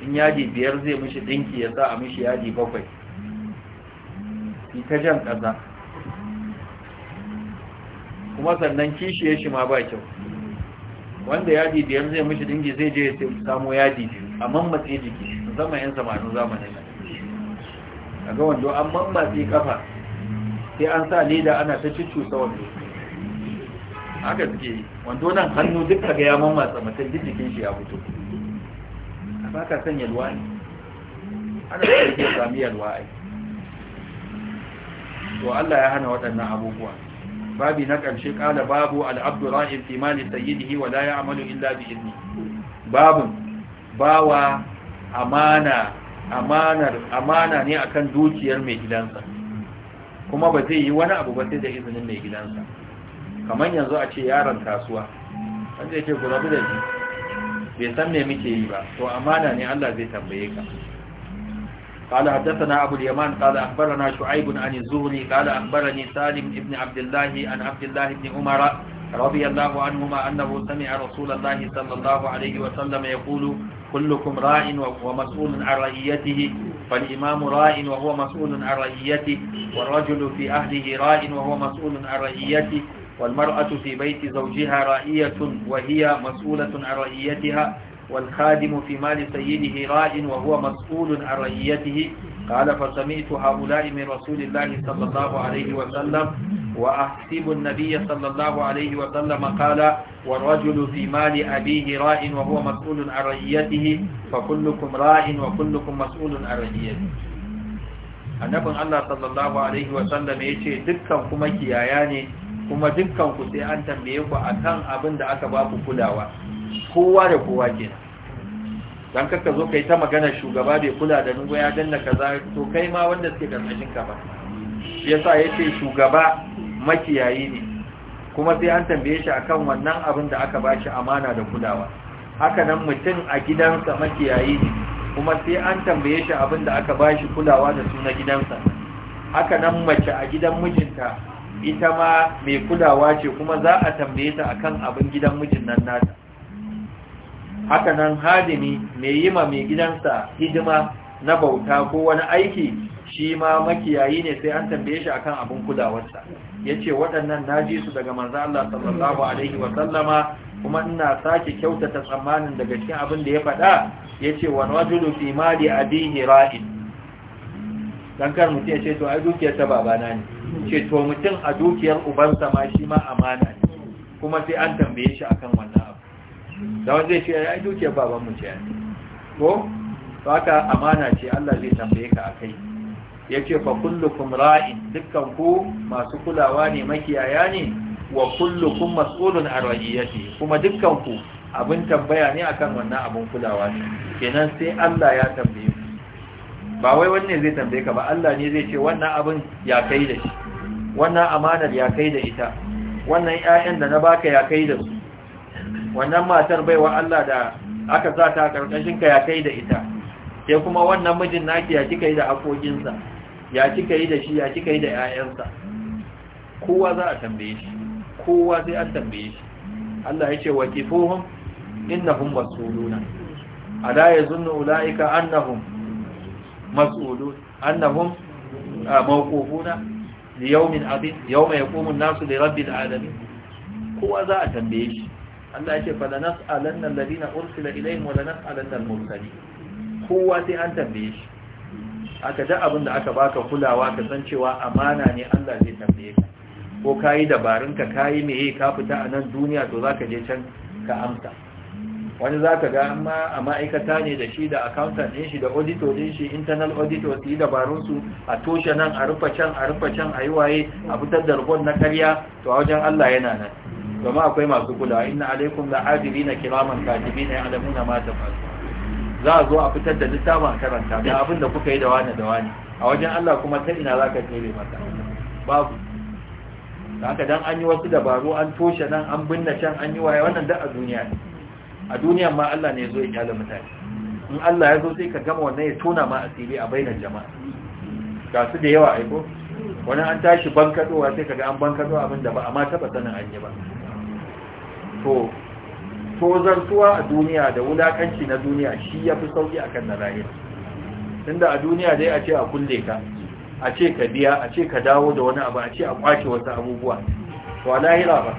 in yadi biyar zai mishi dinki ya sa a mishi yadi bakwai ita jan ƙasa kuma sannan kishiyar shi ma ba kyau wanda yadi biyar zai mishi dingi zai je ya samo yadi biyu a mammatse jiki zama yan samanin zamanin nan a ga wando an mammatse kafa sai an sa leda ana ta sa wando haka suke wando nan hannu duk kaga ya mammatsa mutum duk jikin shi ya fito ba ka sanya yalwa ne ana da ke sami yalwa ai to Allah ya hana waɗannan abubuwa babi na ƙarshe ƙala babu al'abdu rahim fi mali sayyidihi wa la amalu illa bi babin bawa amana amana ne akan dukiyar mai gidansa kuma ba zai yi wani abu ba sai da izinin mai gidansa kamar yanzu a ce yaron kasuwa wanda yake gurabu da shi bai san me muke yi ba to amana ne Allah zai tambaye ka قال حدثنا أبو اليمان قال أخبرنا شعيب عن الزهري قال أخبرني سالم بن عبد الله عن عبد الله بن عمر رضي الله عنهما أنه سمع رسول الله صلى الله عليه وسلم يقول كلكم راع ومسؤول عن رعيته فالإمام راع وهو مسؤول عن رعيته والرجل في أهله راع وهو مسؤول عن رعيته والمرأة في بيت زوجها رائية وهي مسؤولة عن رعيتها والخادم في مال سيده راج وهو مسؤول عن رعيته قال فسمعت هؤلاء من رسول الله صلى الله عليه وسلم وأحسب النبي صلى الله عليه وسلم قال والرجل في مال أبيه راء وهو مسؤول عن رعيته فكلكم راء وكلكم مسؤول عن رعيته annabin Allah sallallahu alaihi wasallam ya ce dukkan kuma kiyaya ne kuma dukkan ku sai an tambaye ku akan abin da aka ba ku kulawa kowa da kowa don ka zo ka yi ta magana shugaba bai kula da nungo ya danna kaza to kai ma wanda suke karkashin ka ba ya sa ya ce shugaba makiyayi ne kuma sai an tambaye shi akan wannan abin da aka bashi amana da kulawa haka nan mutum a gidansa makiyayi ne kuma sai an tambaye shi abin da aka bashi kulawa da suna gidansa haka nan mace a gidan mijinta ita ma mai kulawa ce kuma za a tambaye ta akan abin gidan mijin nan nata haka nan hadimi mai yi ma mai gidansa hidima na bauta ko wani aiki shi ma makiyayi ne sai an tambaye shi akan abin ya yace waɗannan na ji su daga manzo Allah sallallahu alaihi wa kuma ina sake kyautata tsammanin daga cikin abin da ya faɗa yace wa rajulu fi mali abihi ra'in dan kar mutum yace to a dukiyar ta babana ne ce to mutum a dukiyar ubansa ma shi ma amana ne kuma sai an tambaye shi akan wannan da wanda zai ce ya yi dukiyar babanmu ce ko baka amana ce Allah zai tambaye ka akai yace fa kullukum ra'in dukkan ku masu kulawa ne makiyaya ne wa kullukum mas'ulun an ra'iyati kuma dukkan ku abin tambaya ne akan wannan abin kulawa ne kenan sai Allah ya tambaye ku ba wai wanne zai tambaye ka ba Allah ne zai ce wannan abin ya kai da shi wannan amanar ya kai da ita wannan ƴaƴan da na baka ya kai da su wannan matar baiwa Allah da aka sa ta karkashin ka ya kai da ita sai kuma wannan mijin naki ya kika yi da akokinsa ya kika yi da shi ya kika yi da ƴaƴansa kowa za a tambaye shi kowa sai an tambaye shi Allah ya ce wa kifuhum innahum mas'uluna ala yazunnu ulaika annahum mas'ulun annahum ah, mawqufuna li yawmin adid yawma yaqumu an-nasu li rabbil alamin kowa za a tambaye shi Allah yake fa lanas'alanna alladhina ursila ilayhim wa lanas'alanna al-mursalin kowa sai an tambaye shi aka da abin da aka baka kulawa ka san cewa amana ne Allah zai tambaye ka ko kayi dabarun ka kayi meye ka fita a nan duniya to zaka je can ka amsa wani zaka ga amma a ma'aikata ne da shi da accountant din shi da auditor din shi internal auditor su yi dabarun su a toshe nan a rufa can a rufa can a yi waye a fitar da rubon na karya to a wajen Allah yana nan kuma akwai masu kula inna alaikum la ajibina kiraman katibina ya'lamuna ma tafalun za a zo a fitar da littafin karanta da abin da kuka yi da wani da wani a wajen Allah kuma ta ina zaka tsere mata babu da haka dan an yi wasu dabaru an toshe nan an binne can an yi waye wannan da a duniya ne a duniya ma Allah ne ya zo ya kyale mutane in Allah ya zo sai ka gama wannan ya tona ma asiri a bainar jama'a ga su da yawa aiko wani an tashi bankadowa sai kaga an bankado abin da ba amma taba sanin an yi ba to to zartuwa a duniya da wulakanci na duniya shi ya fi sauki kan na lahira tunda a duniya dai a ce a kulle ka a ce ka biya a ce ka dawo da wani abu a ce a kwace wasu abubuwa to a lahira ba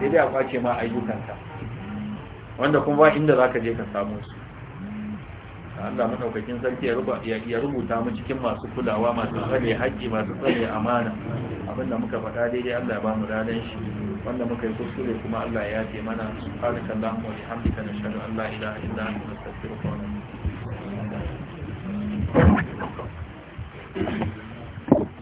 sai dai a kwace ma ayyukanka wanda kuma ba inda za ka je ka samu su Allah madaukakin sarki ya rubuta mu cikin masu kulawa masu tsare haƙƙi masu tsare amana abinda muka faɗa daidai Allah ya ba mu radan shi wanda muka yi kuskure kuma Allah ya yafe mana subhanaka allahumma wa bihamdika nashhadu an la ilaha illa anta nastaghfiruka wa